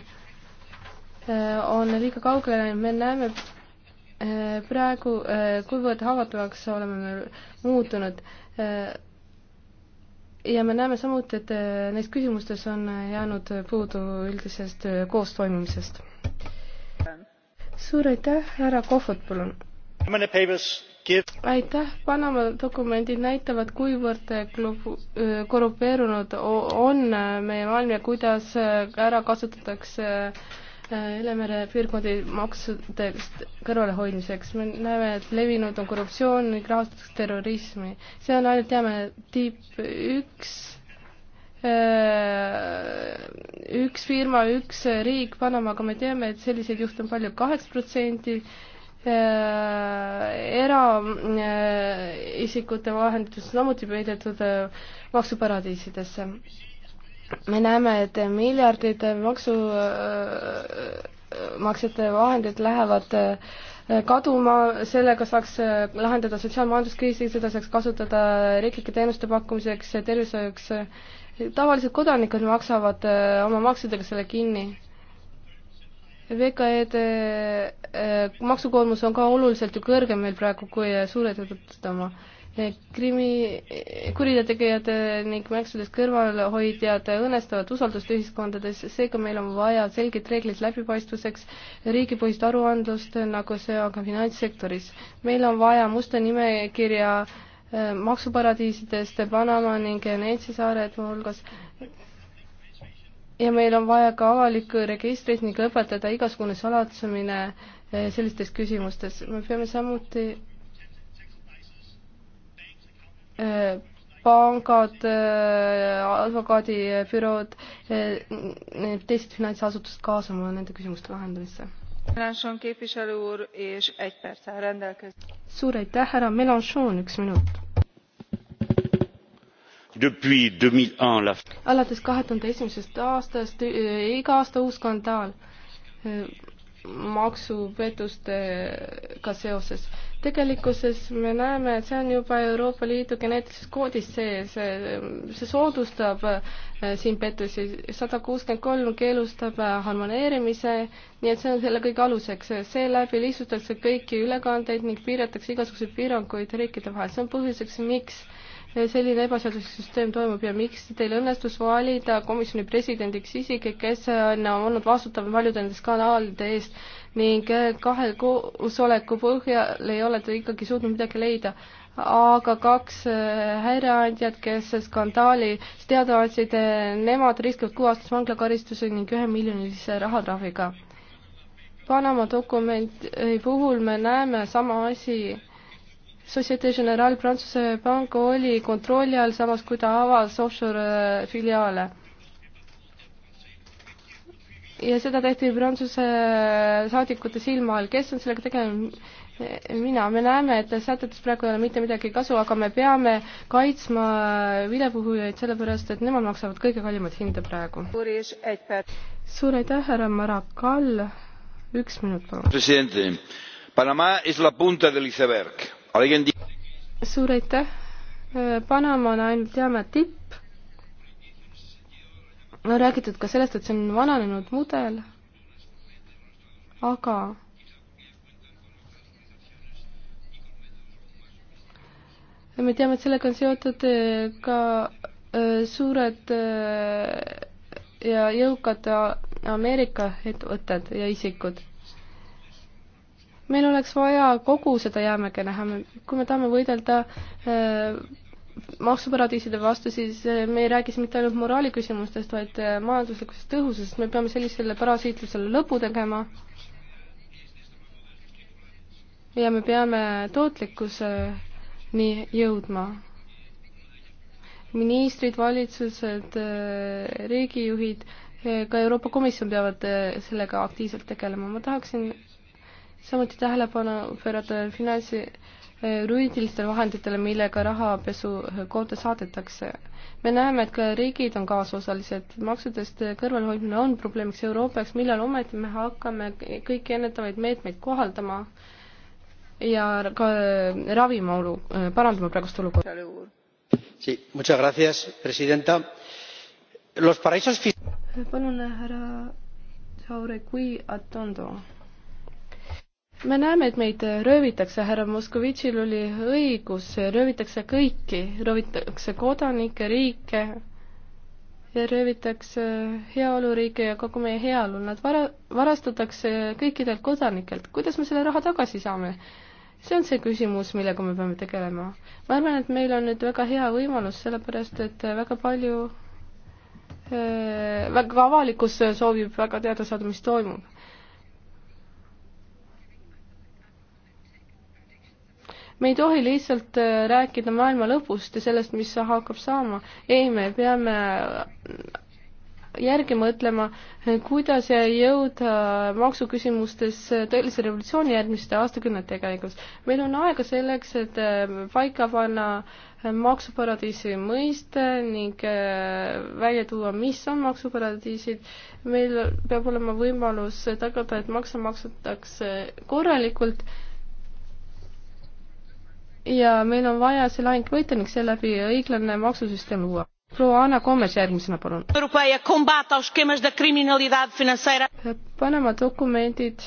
äh, on liiga kaugele läinud, me näeme praegu, kuivõrd haavatavaks oleme me muutunud. ja me näeme samuti, et neis küsimustes on jäänud puudu üldisest koostoimimisest. suur aitäh, härra Kohvot, palun! aitäh, Panama dokumendid näitavad, kuivõrd äh, äh, korrupeerunud on äh, meie maailm ja kuidas ära kasutatakse Ülemere piirkondi maksudest kõrvalehoidmiseks. me näeme, et levinud on korruptsioon ning rahastatakse terrorismi. see on ainult, teame, tipp üks, üks firma, üks riik Panamaga, me teame, et selliseid juhte on palju, kaheksa protsenti Äh, eraisikute vahendus samuti peidetud äh, maksuparadiisidesse. me näeme, et miljardid maksumaksjate äh, vahendid lähevad kaduma, sellega saaks lahendada sotsiaalmajanduskriisi, seda saaks kasutada riiklike teenuste pakkumiseks, tervishoiuks. tavalised kodanikud maksavad oma maksudega selle kinni VKE-de eh, maksukoormus on ka oluliselt ju kõrgem meil praegu kui suurettevõtted oma. Eh, krimi, kurjategijad ning maksudest kõrvalhoidjad õõnestavad usaldust ühiskondades, seega meil on vaja selged reeglid läbipaistvuseks, riigipõhist aruandlust, nagu see on ka finantssektoris. meil on vaja musta nimekirja eh, maksuparadiisidest Panama ning Neitsi saared muuhulgas ja meil on vaja ka avalikku registrit ning lõpetada igasugune salatsemine eh, sellistes küsimustes. me peame samuti eh, pangad, eh, advokaadibürood, teised finantsasutused kaasama nende küsimuste lahendamisse. suur aitäh, härra Melanchon, üks minut alates kahe tuhande esimesest aastast e, iga aasta uus skandaal e, maksupettustega seoses. tegelikkuses me näeme, et see on juba Euroopa Liidu geneetilises koodis sees, e, see soodustab siin pettusi, sada kuuskümmend kolm keelustab harmoneerimise, nii et see on selle kõige aluseks, seeläbi lihtsustatakse kõiki ülekandeid ning piiratakse igasuguseid piiranguid riikide vahel, see on põhjuseks, miks selline ebaseaduslik süsteem toimub ja miks teil õnnestus valida komisjoni presidendiks isik, kes on olnud vastutav paljude nende skandaalide eest ning kahe koosoleku põhjal ei ole te ikkagi suutnud midagi leida. aga kaks äh, häireandjat, kes skandaalis teada andsid, äh, nemad riskivad kuue aastase vanglakaristuse ning ühemiljonilise rahatrahviga. Panama dokumendi puhul me näeme sama asi Societe Generale Prantsuse Pank oli kontrolli all, samas kui ta avas offshore äh, filiaale. ja seda tehti Prantsuse äh, saadikute silma all, kes on sellega tegelenud? mina, me näeme, et sätetest praegu ei ole mitte midagi kasu, aga me peame kaitsma äh, vilepuhujaid, sellepärast et nemad maksavad kõige kallimat hinda praegu. suur aitäh, härra Marakal, üks minut palun. president, Panama es la punta del iceberg suur aitäh. Panama on ainult jäämäe tipp. on räägitud ka sellest, et see on vananenud mudel. aga ja me teame, et sellega on seotud eh, ka eh, suured eh, ja jõukad Ameerika ettevõtted ja isikud meil oleks vaja kogu seda jäämäge näha, kui me tahame võidelda äh, maksuparadiiside vastu, siis äh, me ei räägi siin mitte ainult moraali küsimustest, vaid äh, majanduslikust tõhususest, me peame sellisele parasiitlusele lõpu tegema. ja me peame tootlikkuseni jõudma. ministrid, valitsused, riigijuhid, ka Euroopa Komisjon peavad sellega aktiivselt tegelema, ma tahaksin samuti tähelepanu pöörata finantsi eh, juriidilistele vahenditele, millega rahapesu eh, kohta saadetakse. me näeme, et ka riigid on kaasosalised, maksudest kõrvalhoidmine on probleemiks Euroopas, millal ometi me hakkame kõiki ennetavaid meetmeid kohaldama ja ka eh, ravima olu, parandama praegust olukorda. palun, härra Jaure, kui atondo? me näeme, et meid röövitakse, härra Moskovitšil oli õigus, röövitakse kõiki, röövitakse kodanikke, riike ja röövitakse heaoluriike ja kogu meie heaolu, nad vara-, varastatakse kõikidelt kodanikelt, kuidas me selle raha tagasi saame? see on see küsimus, millega me peame tegelema. ma arvan, et meil on nüüd väga hea võimalus, sellepärast et väga palju äh, väga avalikkus soovib väga teada saada, mis toimub me ei tohi lihtsalt äh, rääkida maailma lõpust ja sellest, mis hakkab saama. ei, me peame järgi mõtlema, äh, kuidas jõuda äh, maksuküsimustes tõelise revolutsiooni järgmiste aastakümnete käigus. meil on aega selleks, et paika panna maksuparadiisi mõiste ning välja tuua, mis on maksuparadiisid. meil peab olema võimalus tagada, et makse maksutakse korralikult ja meil on vaja selle ainult võita ning seeläbi õiglane maksusüsteem luua. proua Anna Komes järgmisena, palun. Äh, Panama dokumendid äh,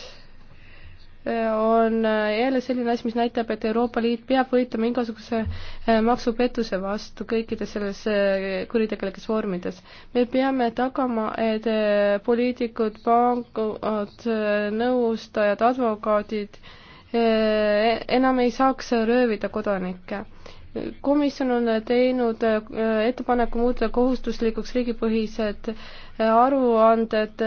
on äh, jälle selline asi, mis näitab, et Euroopa Liit peab võitlema igasuguse maksupettuse vastu kõikides selles kuritegelikes vormides. me peame tagama, et poliitikud, pangad, nõustajad, advokaadid äh, enam ei saaks röövida kodanikke. komisjon on teinud ettepaneku muuta kohustuslikuks riigipõhised aruanded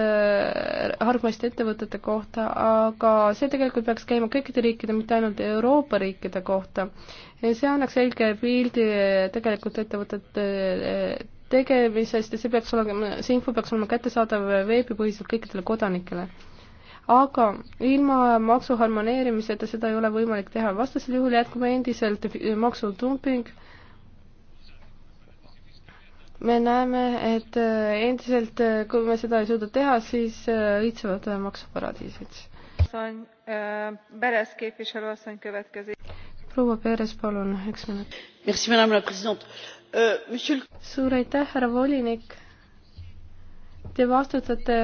hargmaiste ettevõtete kohta, aga see tegelikult peaks käima kõikide riikide, mitte ainult Euroopa riikide kohta. see annaks selge pildi tegelikult ettevõtete tegemisest ja see peaks olema, see info peaks olema kättesaadav veebipõhiselt kõikidele kodanikele aga ilma maksuharmoneerimiseta seda ei ole võimalik teha, vastasel juhul jätkub endiselt maksutumping. me näeme, et äh, endiselt, äh, kui me seda ei suuda teha, siis äh, õitsevad maksuparadiisid. proua Peres, palun, üks minut. Euh, suur aitäh, härra volinik. Te vastutate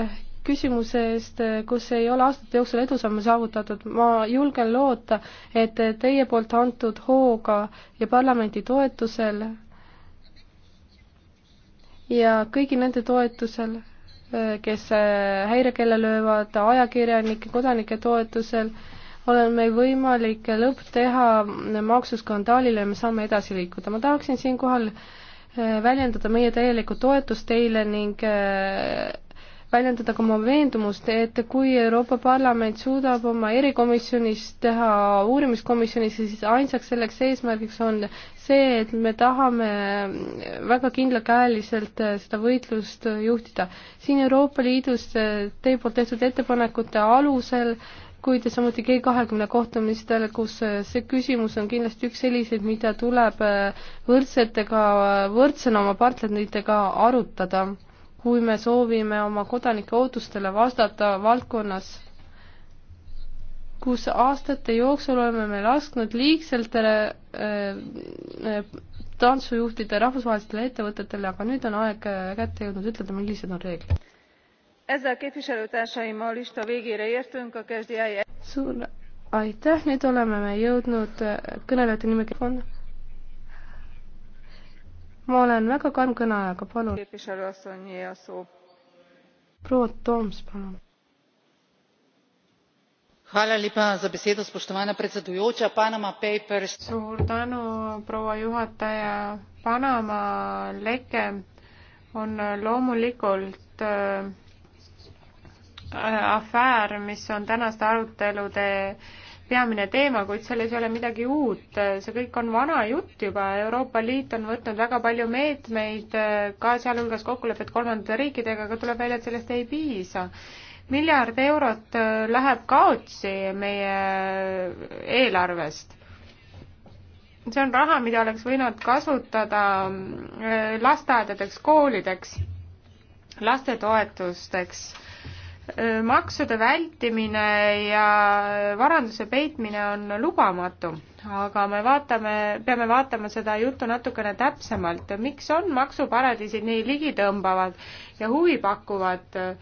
küsimuse eest, kus ei ole aastate jooksul edusamme saavutatud. ma julgen loota, et teie poolt antud hooga ja parlamendi toetusel ja kõigi nende toetusel, kes häirekella löövad, ajakirjanike, kodanike toetusel, olen meil võimalik lõpp teha maksuskandaalile ja me saame edasi liikuda. ma tahaksin siinkohal väljendada meie täielikku toetust teile ning väljendada ka oma veendumust, et kui Euroopa Parlament suudab oma erikomisjonist teha uurimiskomisjonis, siis ainsaks selleks eesmärgiks on see, et me tahame väga kindlakäeliselt seda võitlust juhtida. siin Euroopa Liidus teie poolt tehtud ettepanekute alusel kuid samuti G kahekümne kohtumistel, kus see küsimus on kindlasti üks selliseid, mida tuleb võrdsetega, võrdsena oma partneritega arutada kui me soovime oma kodanike ootustele vastata valdkonnas, kus aastate jooksul oleme me lasknud liigseltele äh, äh tantsujuhtide rahvusvahelistele ettevõtetele, aga nüüd on aeg äh, kätte jõudnud ütelda, millised on reeglid. suur aitäh, nüüd oleme me jõudnud äh, kõnelejate nimekirja ma olen väga karm kõneajaga, palun. proua Toms, palun. suur tänu, proua juhataja. Panama leke on loomulikult äh, afäär, mis on tänaste arutelude äh, peamine teema, kuid selles ei ole midagi uut, see kõik on vana jutt juba, Euroopa Liit on võtnud väga palju meetmeid, ka sealhulgas kokkulepped kolmandate riikidega, aga tuleb välja, et sellest ei piisa. miljard eurot läheb kaotsi meie eelarvest see on raha, mida oleks võinud kasutada lasteaedadeks, koolideks, lastetoetusteks maksude vältimine ja varanduse peitmine on lubamatu, aga me vaatame, peame vaatama seda juttu natukene täpsemalt, miks on maksuparadiisid nii ligitõmbavad ja huvipakkuvad.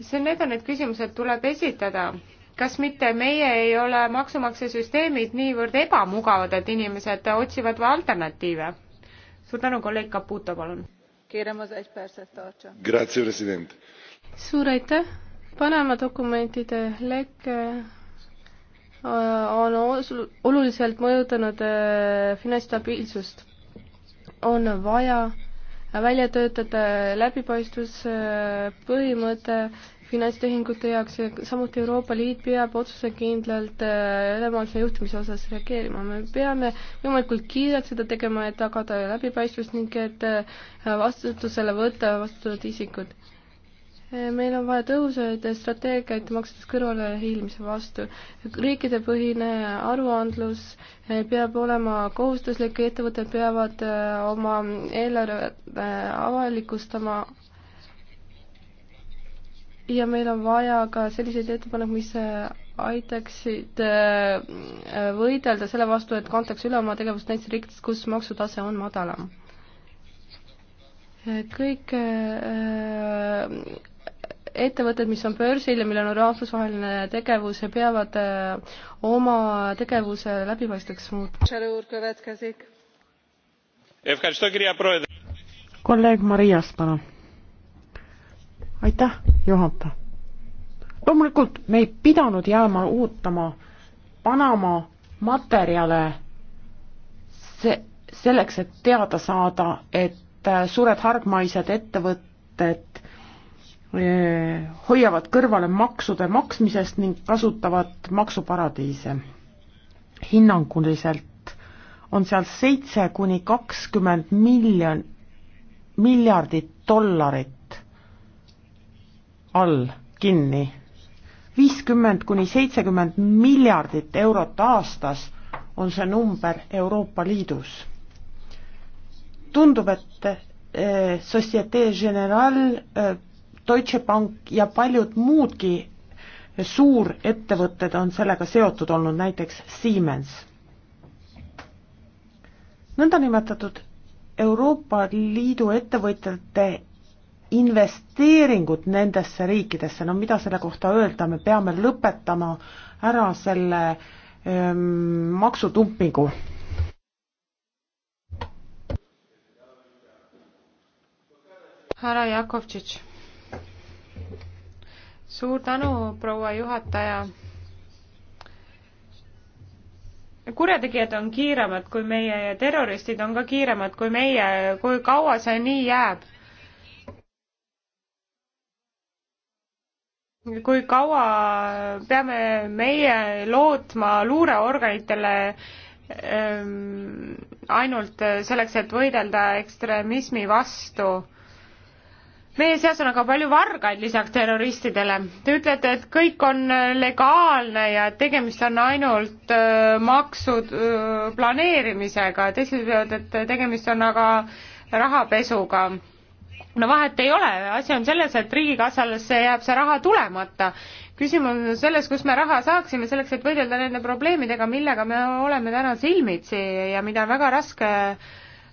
see, need on need küsimused, tuleb esitada. kas mitte meie ei ole maksumaksesüsteemid niivõrd ebamugavad, et inimesed otsivad alternatiive? suur tänu, kolleeg Caputo, palun. suur aitäh Panama dokumentide leke äh, on oluliselt mõjutanud äh, finantsstabiilsust. on vaja välja töötada läbipaistvuspõhimõte äh, finantstehingute jaoks ja samuti Euroopa Liit peab otsusekindlalt ülemaailmse juhtimise osas reageerima. me peame võimalikult kiirelt seda tegema, et tagada läbipaistvust ning et vastutusele võtta vastutavad isikud meil on vaja tõhusaid strateegiaid maksudest kõrvale hiilmise vastu. riikidepõhine aruandlus eh, peab olema kohustuslik, ettevõtted peavad eh, oma eelarve eh, avalikustama. ja meil on vaja ka selliseid ettepanekuid, mis aitaksid võidelda selle vastu, et kantakse üle oma tegevust näiteks riikides, kus maksutase on madalam. kõik ettevõtted, mis on börsil ja millel on rahvusvaheline tegevus ja peavad äh, oma tegevuse läbipaistvaks muutma. kolleeg Marias, palun. aitäh, juhataja. loomulikult me ei pidanud jääma ootama Panama materjale see, selleks, et teada saada, et äh, suured hargmaised ettevõtted Äh, hoiavad kõrvale maksude maksmisest ning kasutavad maksuparadiise. hinnanguliselt on seal seitse kuni kakskümmend miljon, miljardit dollarit all kinni. viiskümmend kuni seitsekümmend miljardit eurot aastas on see number Euroopa Liidus. tundub, et äh, Societe Generale äh, Deutsche Bank ja paljud muudki suurettevõtted on sellega seotud olnud, näiteks Siemens. nõndanimetatud Euroopa Liidu ettevõtjate investeeringud nendesse riikidesse, no mida selle kohta öelda, me peame lõpetama ära selle öö, ehm, maksutumpingu. härra Jakovtšitš suur tänu, proua juhataja. kurjategijad on kiiremad kui meie ja terroristid on ka kiiremad kui meie, kui kaua see nii jääb? kui kaua peame meie lootma luureorganitele ähm, ainult selleks, et võidelda ekstremismi vastu? meie seas on aga palju vargaid lisaks terroristidele. Te ütlete, et kõik on äh, legaalne ja tegemist on ainult äh, maksu äh, planeerimisega, teised ütlevad, et tegemist on aga rahapesuga. no vahet ei ole, asi on selles, et riigikassasse jääb see raha tulemata. küsimus on selles, kus me raha saaksime selleks, et võidelda nende probleemidega, millega me oleme täna silmitsi ja mida on väga raske äh,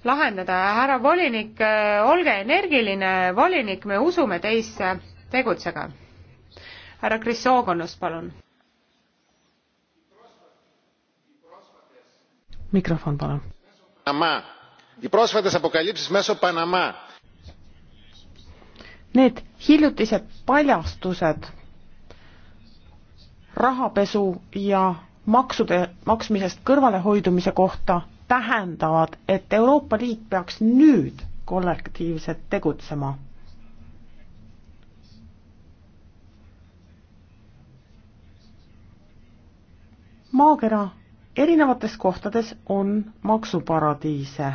lahendada. härra volinik, äh, olge energiline volinik, me usume teisse, tegutsege. härra Krisoogonus, palun. mikrofon, palun. Need hiljutised paljastused rahapesu ja maksude maksmisest kõrvalehoidumise kohta tähendavad, et Euroopa Liit peaks nüüd kollektiivselt tegutsema. maakera erinevates kohtades on maksuparadiise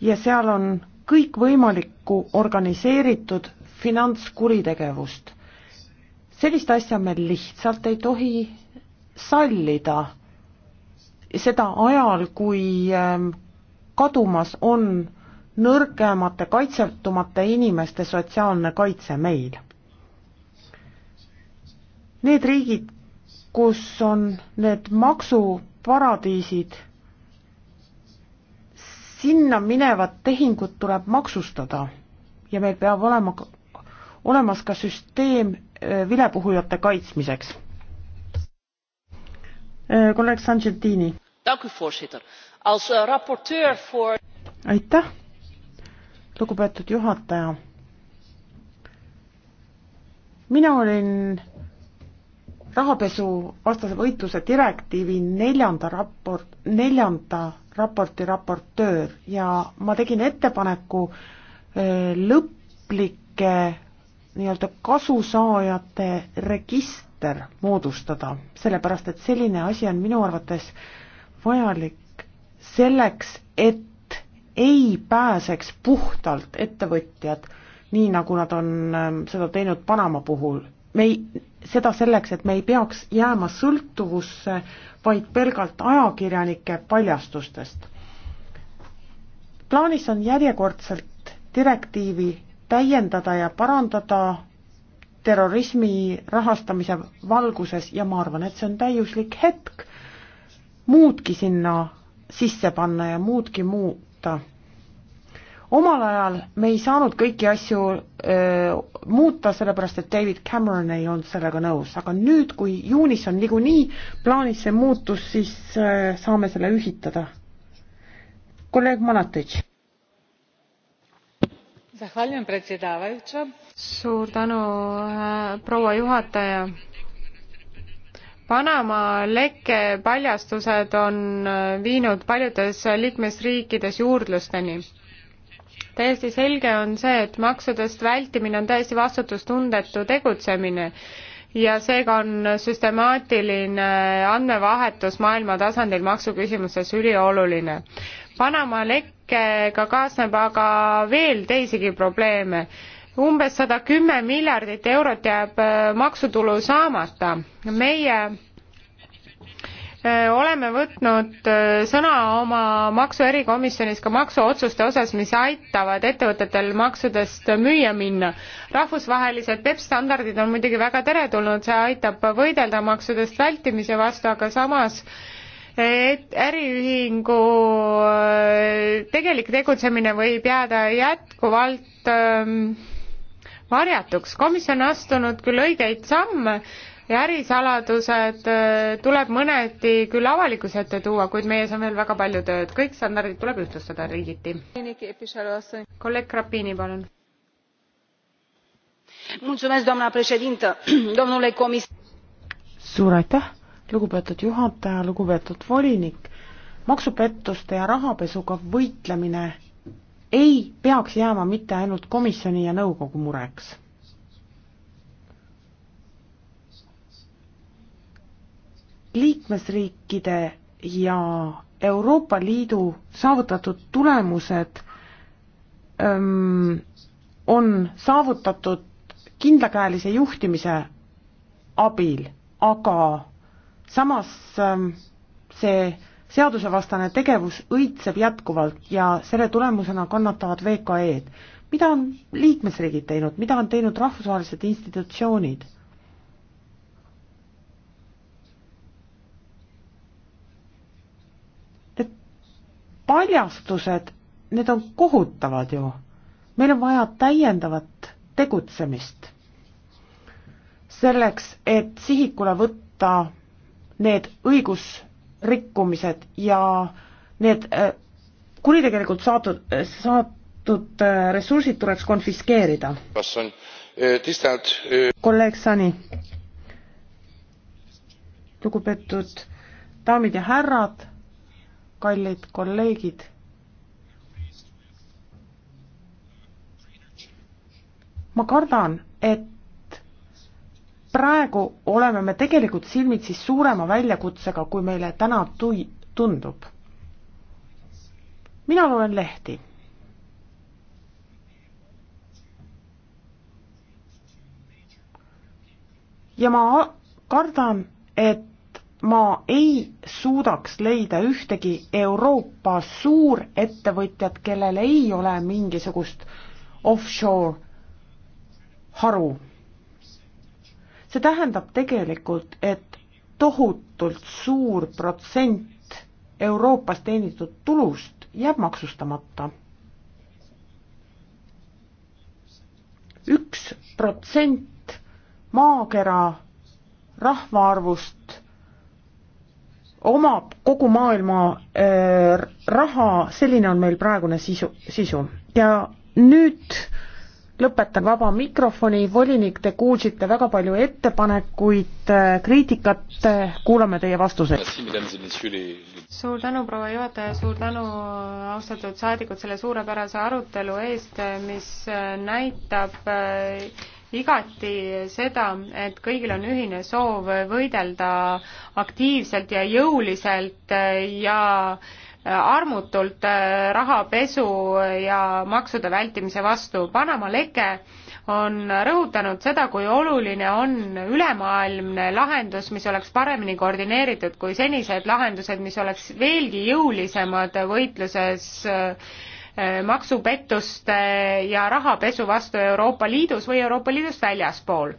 ja seal on kõikvõimalikku organiseeritud finantskuritegevust. sellist asja me lihtsalt ei tohi sallida seda ajal, kui ähm, kadumas on nõrgemate, kaitsetumate inimeste sotsiaalne kaitse meil. Need riigid, kus on need maksuparadiisid, sinna minevad tehingud tuleb maksustada ja meil peab olema olemas ka süsteem äh, vilepuhujate kaitsmiseks kolleeg eh, Sargentini. Eh, aitäh, lugupeetud juhataja. mina olin rahapesuvastase võitluse direktiivi neljanda raport, neljanda raporti raportöör ja ma tegin ettepaneku eh, lõplike nii-öelda kasusaajate registri korter moodustada, sellepärast et selline asi on minu arvates vajalik selleks, et ei pääseks puhtalt ettevõtjad, nii nagu nad on ähm, seda teinud Panama puhul. me ei, seda selleks, et me ei peaks jääma sõltuvusse vaid pelgalt ajakirjanike paljastustest. plaanis on järjekordselt direktiivi täiendada ja parandada terrorismi rahastamise valguses ja ma arvan, et see on täiuslik hetk muudki sinna sisse panna ja muudki muuta. omal ajal me ei saanud kõiki asju öö, muuta, sellepärast et David Cameron ei olnud sellega nõus, aga nüüd, kui juunis on niikuinii plaanis see muutus, siis öö, saame selle ühitada. kolleeg Manatitš gospođo predsjednice suur tänu äh, proua juhataja! panama leke paljastused on äh, viinud paljudes liikmesriikides juurdlusteni. täiesti selge on see et maksudest vältimine on täiesti vastutustundetu tegutsemine ja seega on süstemaatiline andmevahetus maailma tasandil maksuküsimuses ülioluline Panama lekkega kaasneb aga veel teisigi probleeme. umbes sada kümme miljardit eurot jääb äh, maksutulu saamata. meie äh, oleme võtnud äh, sõna oma maksu erikomisjonis ka maksuotsuste osas, mis aitavad ettevõtetel maksudest müüa minna. rahvusvahelised PEP standardid on muidugi väga teretulnud, see aitab võidelda maksudest vältimise vastu, aga samas äh, et äriühingu äh, tegelik tegutsemine võib jääda jätkuvalt ähm, varjatuks. komisjon on astunud küll õigeid samme, ja ärisaladused äh, tuleb mõneti küll avalikkuse ette tuua, kuid meie ees on veel väga palju tööd. kõik standardid tuleb ühtlustada riigiti. kolleeg Krapini, palun. suur aitäh lugupeetud juhataja, lugupeetud volinik, maksupettuste ja rahapesuga võitlemine ei peaks jääma mitte ainult komisjoni ja nõukogu mureks. liikmesriikide ja Euroopa Liidu saavutatud tulemused öö, ähm, on saavutatud kindlakäelise juhtimise abil, aga samas ähm, see seadusevastane tegevus õitseb jätkuvalt ja selle tulemusena kannatavad VKE-d. mida on liikmesriigid teinud, mida on teinud rahvusvahelised institutsioonid? et paljastused, need on kohutavad ju. meil on vaja täiendavat tegutsemist selleks, et sihikule võtta need õigusrikkumised ja need äh, kuritegelikult saatud, saatud äh, ressursid tuleks konfiskeerida. Äh, kolleeg Sani, lugupeetud daamid ja härrad, kallid kolleegid, ma kardan, et praegu oleme me tegelikult silmitsi suurema väljakutsega, kui meile täna tui-, tundub. mina loen lehti. ja ma kardan, et ma ei suudaks leida ühtegi Euroopa suurettevõtjat, kellel ei ole mingisugust offshore haru see tähendab tegelikult, et tohutult suur protsent Euroopas teenitud tulust jääb maksustamata. üks protsent maakera rahvaarvust omab kogu maailma äh, raha, selline on meil praegune sisu, sisu ja nüüd äh, lõpetan vaba mikrofoni, volinik, te kuulsite väga palju ettepanekuid, kriitikat, kuulame teie vastuseid. suur tänu, proua juhataja, suur tänu, austatud saadikud, selle suurepärase arutelu eest, mis äh, näitab äh, igati seda, et kõigil on ühine soov võidelda aktiivselt ja jõuliselt äh, ja äh, armutult äh, rahapesu ja maksude vältimise vastu. Panama leke on rõhutanud seda, kui oluline on ülemaailmne lahendus, mis oleks paremini koordineeritud kui senised lahendused, mis oleks veelgi jõulisemad võitluses äh, maksupettuste ja rahapesu vastu Euroopa Liidus või Euroopa Liidust väljaspool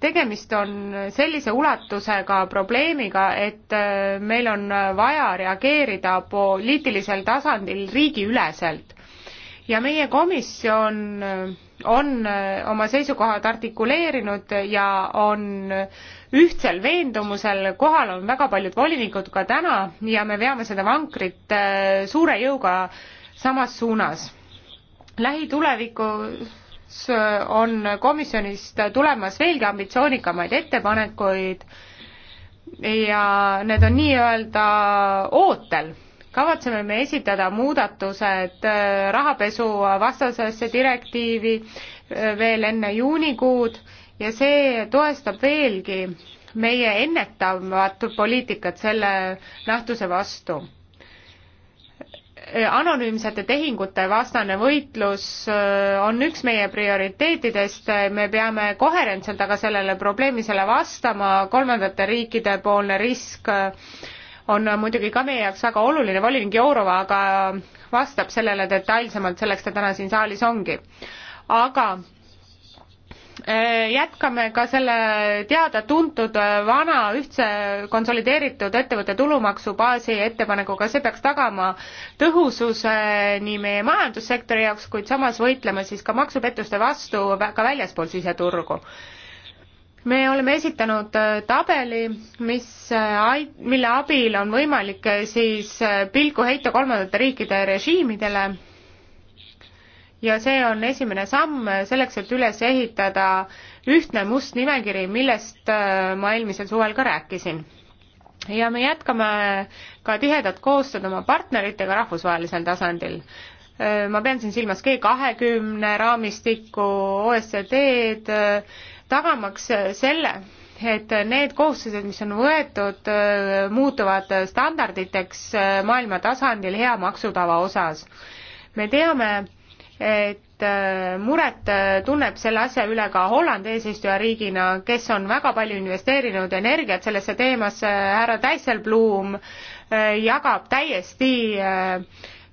tegemist on sellise ulatusega probleemiga, et äh, meil on vaja reageerida poliitilisel tasandil riigiüleselt. ja meie komisjon äh, on äh, oma seisukohad artikuleerinud ja on ühtsel veendumusel, kohal on väga paljud volinikud ka täna ja me veame seda vankrit suure jõuga samas suunas. lähitulevikus Äh, on komisjonist tulemas veelgi ambitsioonikamaid ettepanekuid ja need on nii-öelda ootel. kavatseme me esitada muudatused äh, rahapesuvastasesse direktiivi äh, veel enne juunikuud ja see toestab veelgi meie ennetavat poliitikat selle nähtuse vastu Äh, anonüümsete tehingute vastane võitlus äh, on üks meie prioriteetidest, me peame koherentselt aga sellele probleemisele vastama, kolmandate riikide poolne risk äh, on muidugi ka meie jaoks väga oluline, volinik Jourova aga vastab sellele detailsemalt, selleks ta täna siin saalis ongi. aga Äh, jätkame ka selle teada-tuntud äh, vana ühtse konsolideeritud ettevõtte tulumaksubaasi ettepanekuga, see peaks tagama tõhususe äh, nii meie majandussektori jaoks, kuid samas võitlema siis ka maksupettuste vastu ka väljaspool siseturgu me oleme esitanud tabeli, mis, mille abil on võimalik siis pilku heita kolmandate riikide režiimidele ja see on esimene samm selleks, et üles ehitada ühtne must nimekiri, millest äh, ma eelmisel suvel ka rääkisin. ja me jätkame ka tihedat koostööd oma partneritega rahvusvahelisel tasandil. Äh, ma pean siin silmas G kahekümne raamistikku, OSCD-d, äh, tagamaks selle, et need kohustused, mis on võetud, muutuvad standarditeks maailma tasandil hea maksutava osas. me teame, et äh, muret äh, tunneb selle asja üle ka Holland eesistujariigina, kes on väga palju investeerinud energiat sellesse teemasse, härra Dijsselbloem äh, jagab täiesti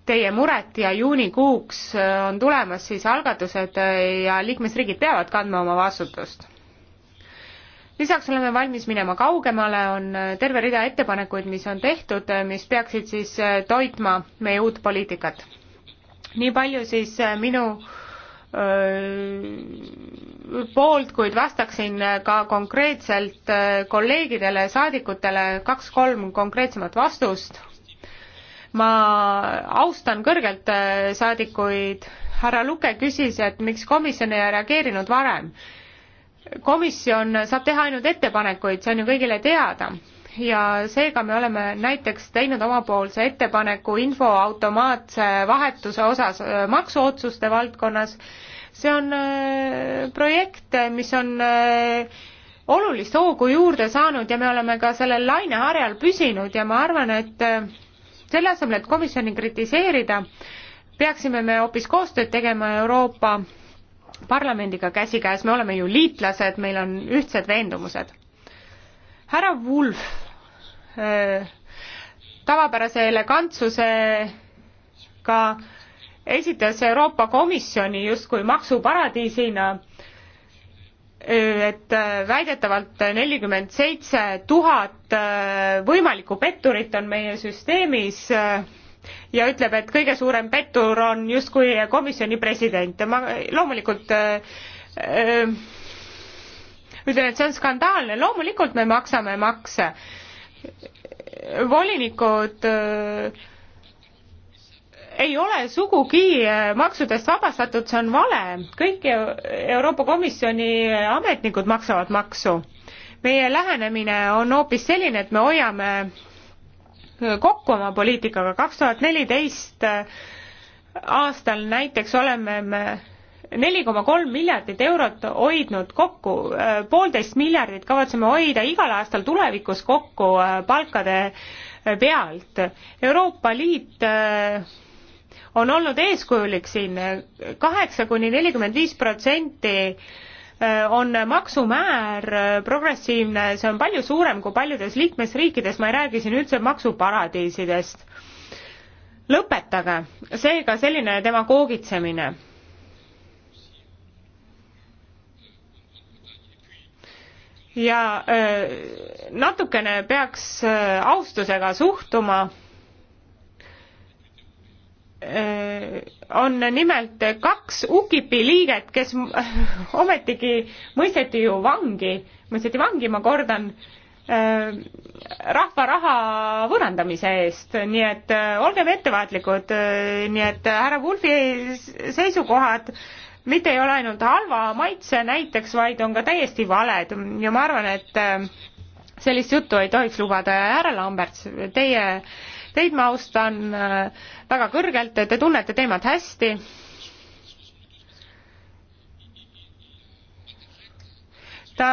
teie muret ja juunikuuks on tulemas siis algatused ja liikmesriigid peavad kandma oma vastutust lisaks oleme valmis minema kaugemale, on terve rida ettepanekuid, mis on tehtud, mis peaksid siis toitma meie uut poliitikat nii palju siis äh, minu äh, poolt, kuid vastaksin äh, ka konkreetselt kolleegidele, saadikutele kaks-kolm konkreetsemat vastust. ma austan kõrgelt saadikuid, härra Luke küsis, et miks komisjon ei reageerinud varem. komisjon saab teha ainult ettepanekuid, see on ju kõigile teada ja seega me oleme näiteks teinud omapoolse ettepaneku info automaatse vahetuse osas äh, maksuotsuste valdkonnas. see on äh, projekt, mis on äh, olulist hoogu juurde saanud ja me oleme ka sellel laineharjal püsinud ja ma arvan, et selle asemel, et komisjoni kritiseerida, peaksime me hoopis koostööd tegema Euroopa Parlamendiga käsikäes, me oleme ju liitlased, meil on ühtsed veendumused härra Wulf Äh, tavapärase elegantsusega esitas Euroopa Komisjoni justkui maksuparadiisina, et äh, väidetavalt nelikümmend seitse tuhat äh, võimalikku petturit on meie süsteemis ja ütleb, et kõige suurem pettur on justkui komisjoni president ja ma loomulikult öö, ütlen, et see on skandaalne, loomulikult me maksame makse volinikud äh, ei ole sugugi äh, maksudest vabastatud, see on vale. kõik e-, Euroopa Komisjoni ametnikud maksavad maksu. meie lähenemine on hoopis selline, et me hoiame äh, kokku oma poliitikaga. kaks tuhat neliteist aastal näiteks oleme me neli koma kolm miljardit eurot hoidnud kokku, äh, poolteist miljardit kavatseme hoida igal aastal tulevikus kokku äh, palkade äh, pealt. Euroopa Liit on olnud eeskujulik siin, kaheksa kuni nelikümmend viis protsenti on maksumäär progressiivne, see on palju suurem kui paljudes liikmesriikides, ma ei räägi siin üldse maksuparadiisidest. lõpetage seega selline demagoogitsemine ja äh, natukene peaks äh, austusega suhtuma. Äh, on nimelt kaks UKIP-i liiget, kes ometigi mõisteti ju vangi, mõisteti vangi, ma kordan, rahva raha võõrandamise eest, nii et olgem ettevaatlikud, nii et härra Wulfi seisukohad äh, mitte ei ole ainult halva maitse näiteks, vaid on ka täiesti valed ja ma arvan, et äh, sellist juttu ei tohiks lubada ja härra Lamberts, teie, teid ma austan äh, väga kõrgelt, te tunnete teemat hästi. ta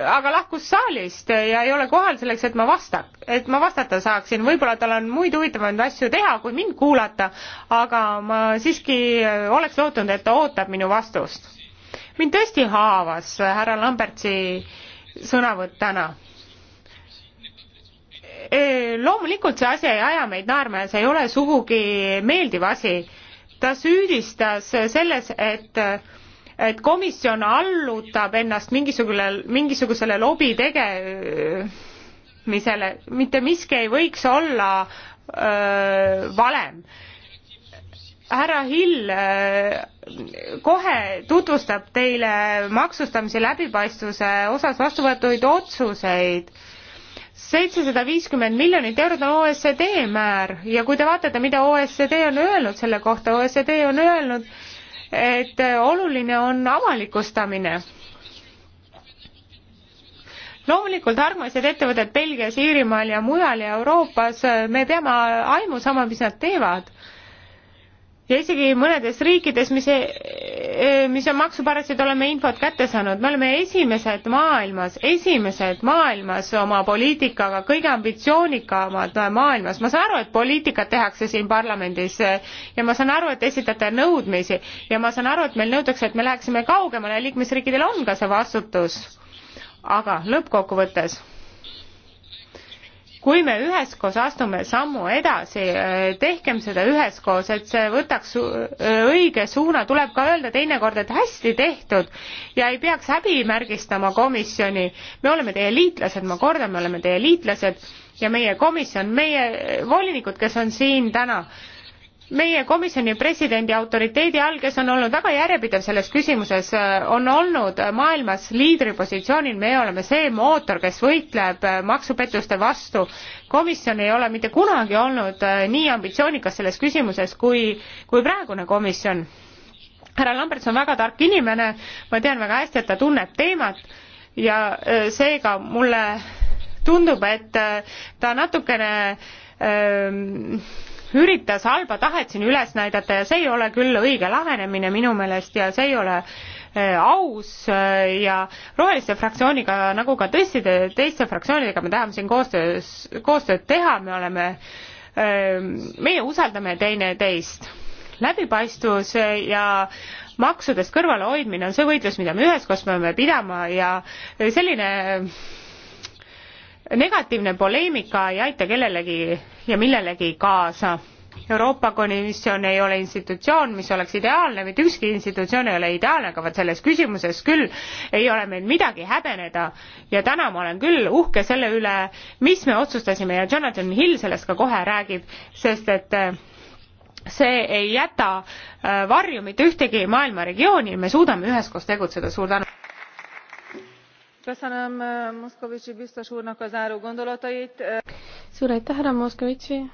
aga lahkus saalist ja ei ole kohal selleks, et ma vasta, et ma vastata saaksin, võib-olla tal on muid huvitavaid asju teha, kui mind kuulata, aga ma siiski äh, oleks lootnud, et ta ootab minu vastust. mind tõesti haavas härra Lambertsi sõnavõtt täna. E, loomulikult see asi ei aja meid naerma ja see ei ole sugugi meeldiv asi. ta süüdistas selles, et et komisjon allutab ennast mingisugune, mingisugusele lobi tegemisele, mitte miski ei võiks olla öö, valem härra Hill kohe tutvustab teile maksustamise läbipaistvuse osas vastu võetuid otsuseid. seitsesada viiskümmend miljonit eurot on OECD määr ja kui te vaatate, mida OECD on öelnud selle kohta, OECD on öelnud, et oluline on avalikustamine loomulikult armasad ettevõtted Belgias, Iirimaal ja mujal ja Euroopas, me peame aimu saama, mis nad teevad ja isegi mõnedes riikides, mis, e, e, mis on maksuparasjaid, oleme infot kätte saanud, me oleme esimesed maailmas, esimesed maailmas oma poliitikaga, kõige ambitsioonikamad maailmas. ma saan aru, et poliitikat tehakse siin parlamendis e, ja ma saan aru, et esitate nõudmisi ja ma saan aru, et meil nõutakse, et me läheksime kaugemale ja liikmesriikidel on ka see vastutus. aga lõppkokkuvõttes kui me üheskoos astume sammu edasi, eh, tehkem seda üheskoos, et see võtaks eh, õige suuna, tuleb ka öelda teinekord, et hästi tehtud ja ei peaks häbimärgistama komisjoni. me oleme teie liitlased, ma kordan, me oleme teie liitlased ja meie komisjon, meie volinikud, kes on siin täna meie komisjoni presidendi autoriteedi all, kes on olnud väga järjepidev selles küsimuses, äh, on olnud maailmas liidripositsioonil, meie oleme see mootor, kes võitleb äh, maksupettuste vastu. komisjon ei ole mitte kunagi olnud äh, nii ambitsioonikas selles küsimuses kui, kui praegune komisjon. härra Lamberts on väga tark inimene, ma tean väga hästi, et ta tunneb teemat ja seega mulle tundub, et ta natukene öö, ähm, üritas halba tahet siin üles näidata ja see ei ole küll õige lähenemine minu meelest ja see ei ole äh, aus äh, ja Roheliste fraktsiooniga, nagu ka tõstside, teiste fraktsioonidega me tahame siin koostöös, koostööd teha, me oleme, äh, meie usaldame teineteist. läbipaistvus ja maksudest kõrvalehoidmine on see võitlus, mida me üheskoos peame pidama ja selline negatiivne poleemika ei aita kellelegi ja millelegi kaasa. Euroopa Komisjon ei ole institutsioon, mis oleks ideaalne, mitte ükski institutsioon ei ole ideaalne, aga vot selles küsimuses küll ei ole meil midagi häbeneda ja täna ma olen küll uhke selle üle, mis me otsustasime ja Jonathan Hill sellest ka kohe räägib, sest et äh, see ei jäta äh, varju mitte ühtegi maailma regiooni, me suudame üheskoos tegutseda, suur tänu köszönöm eh, moscovici biztos úrnak a záró gondolatait. Eh, suur aitäh härra moscovici!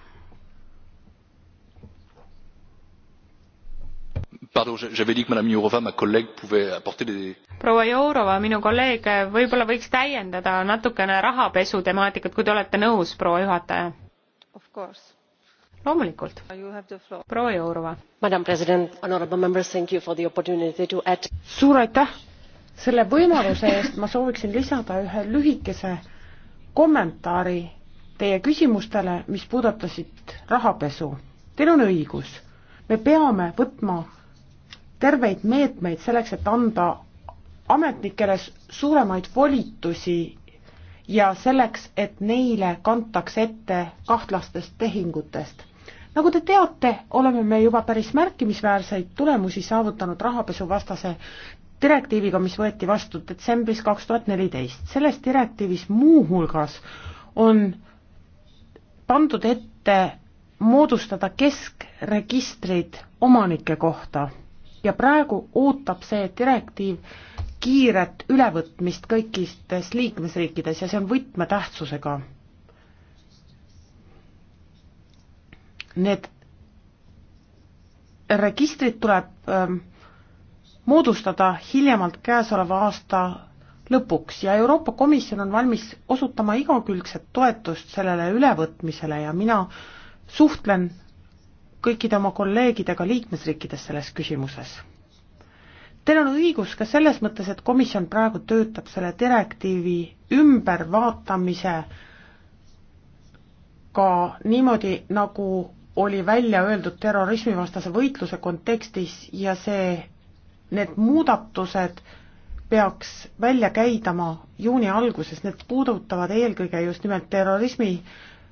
proua jourova minu kolleeg eh, võib-olla võiks täiendada natukene rahapesu temaatikat kui te olete nõus proua juhataja. loomulikult proua jourova. suur aitäh! selle võimaluse eest ma sooviksin lisada ühe lühikese kommentaari teie küsimustele, mis puudutasid rahapesu. Teil on õigus, me peame võtma terveid meetmeid selleks, et anda ametnikele suuremaid volitusi ja selleks, et neile kantakse ette kahtlastest tehingutest. nagu te teate, oleme me juba päris märkimisväärseid tulemusi saavutanud rahapesuvastase direktiiviga, mis võeti vastu detsembris kaks tuhat neliteist. selles direktiivis muuhulgas on pandud ette moodustada keskregistrid omanike kohta ja praegu ootab see direktiiv kiiret ülevõtmist kõikides liikmesriikides ja see on võtmetähtsusega. Need registrid tuleb ähm, moodustada hiljemalt käesoleva aasta lõpuks ja Euroopa Komisjon on valmis osutama igakülgset toetust sellele ülevõtmisele ja mina suhtlen kõikide oma kolleegidega liikmesriikides selles küsimuses. Teil on õigus ka selles mõttes, et komisjon praegu töötab selle direktiivi ümbervaatamise ka niimoodi, nagu oli välja öeldud terrorismivastase võitluse kontekstis ja see need muudatused peaks välja käidama juuni alguses, need puudutavad eelkõige just nimelt terrorismi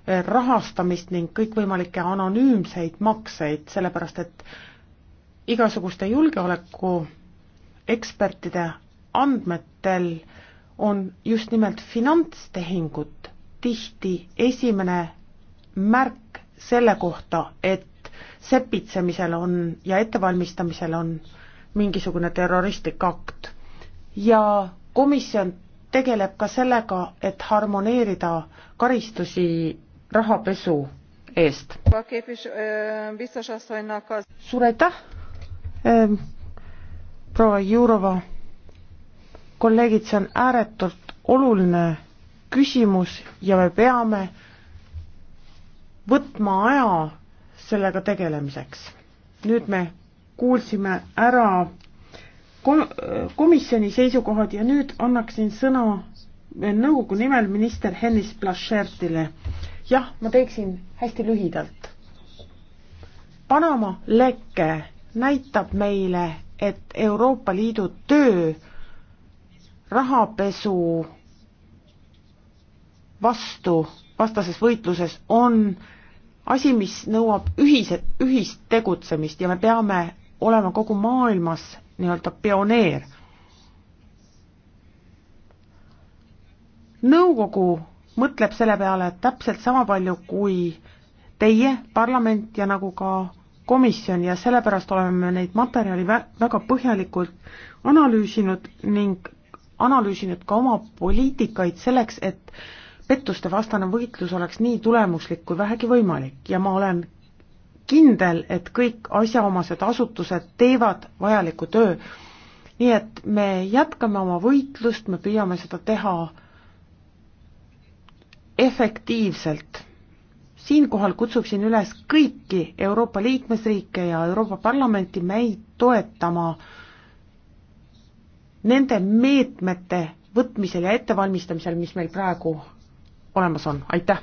eh, rahastamist ning kõikvõimalikke anonüümseid makseid, sellepärast et igasuguste julgeoleku ekspertide andmetel on just nimelt finantstehingut tihti esimene märk selle kohta, et sepitsemisel on ja ettevalmistamisel on äh, mingisugune terroristlik akt. ja komisjon tegeleb ka sellega, et harmoneerida karistusi rahapesu eest. suur aitäh, ehm, proua Jurova. kolleegid, see on ääretult oluline küsimus ja me peame võtma aja sellega tegelemiseks. nüüd me kuulsime ära kom-, komisjoni seisukohad ja nüüd annaksin sõna nõukogu nimel minister Hennis Blachertile. jah, ma teeksin hästi lühidalt. Panama leke näitab meile, et Euroopa Liidu töö rahapesu vastu, vastases võitluses on asi, mis nõuab ühise, ühist tegutsemist ja me peame olema kogu maailmas nii-öelda pioneer. nõukogu mõtleb selle peale täpselt sama palju kui teie, parlament ja nagu ka komisjon ja sellepärast oleme me neid materjali vä-, väga põhjalikult analüüsinud ning analüüsinud ka oma poliitikaid selleks, et pettuste vastane võitlus oleks nii tulemuslik kui vähegi võimalik ja ma olen kindel, et kõik asjaomased asutused teevad vajaliku töö. nii et me jätkame oma võitlust, me püüame seda teha efektiivselt. siinkohal kutsuksin üles kõiki Euroopa liikmesriike ja Euroopa Parlamenti meid toetama nende meetmete võtmisel ja ettevalmistamisel, mis meil praegu olemas on, aitäh!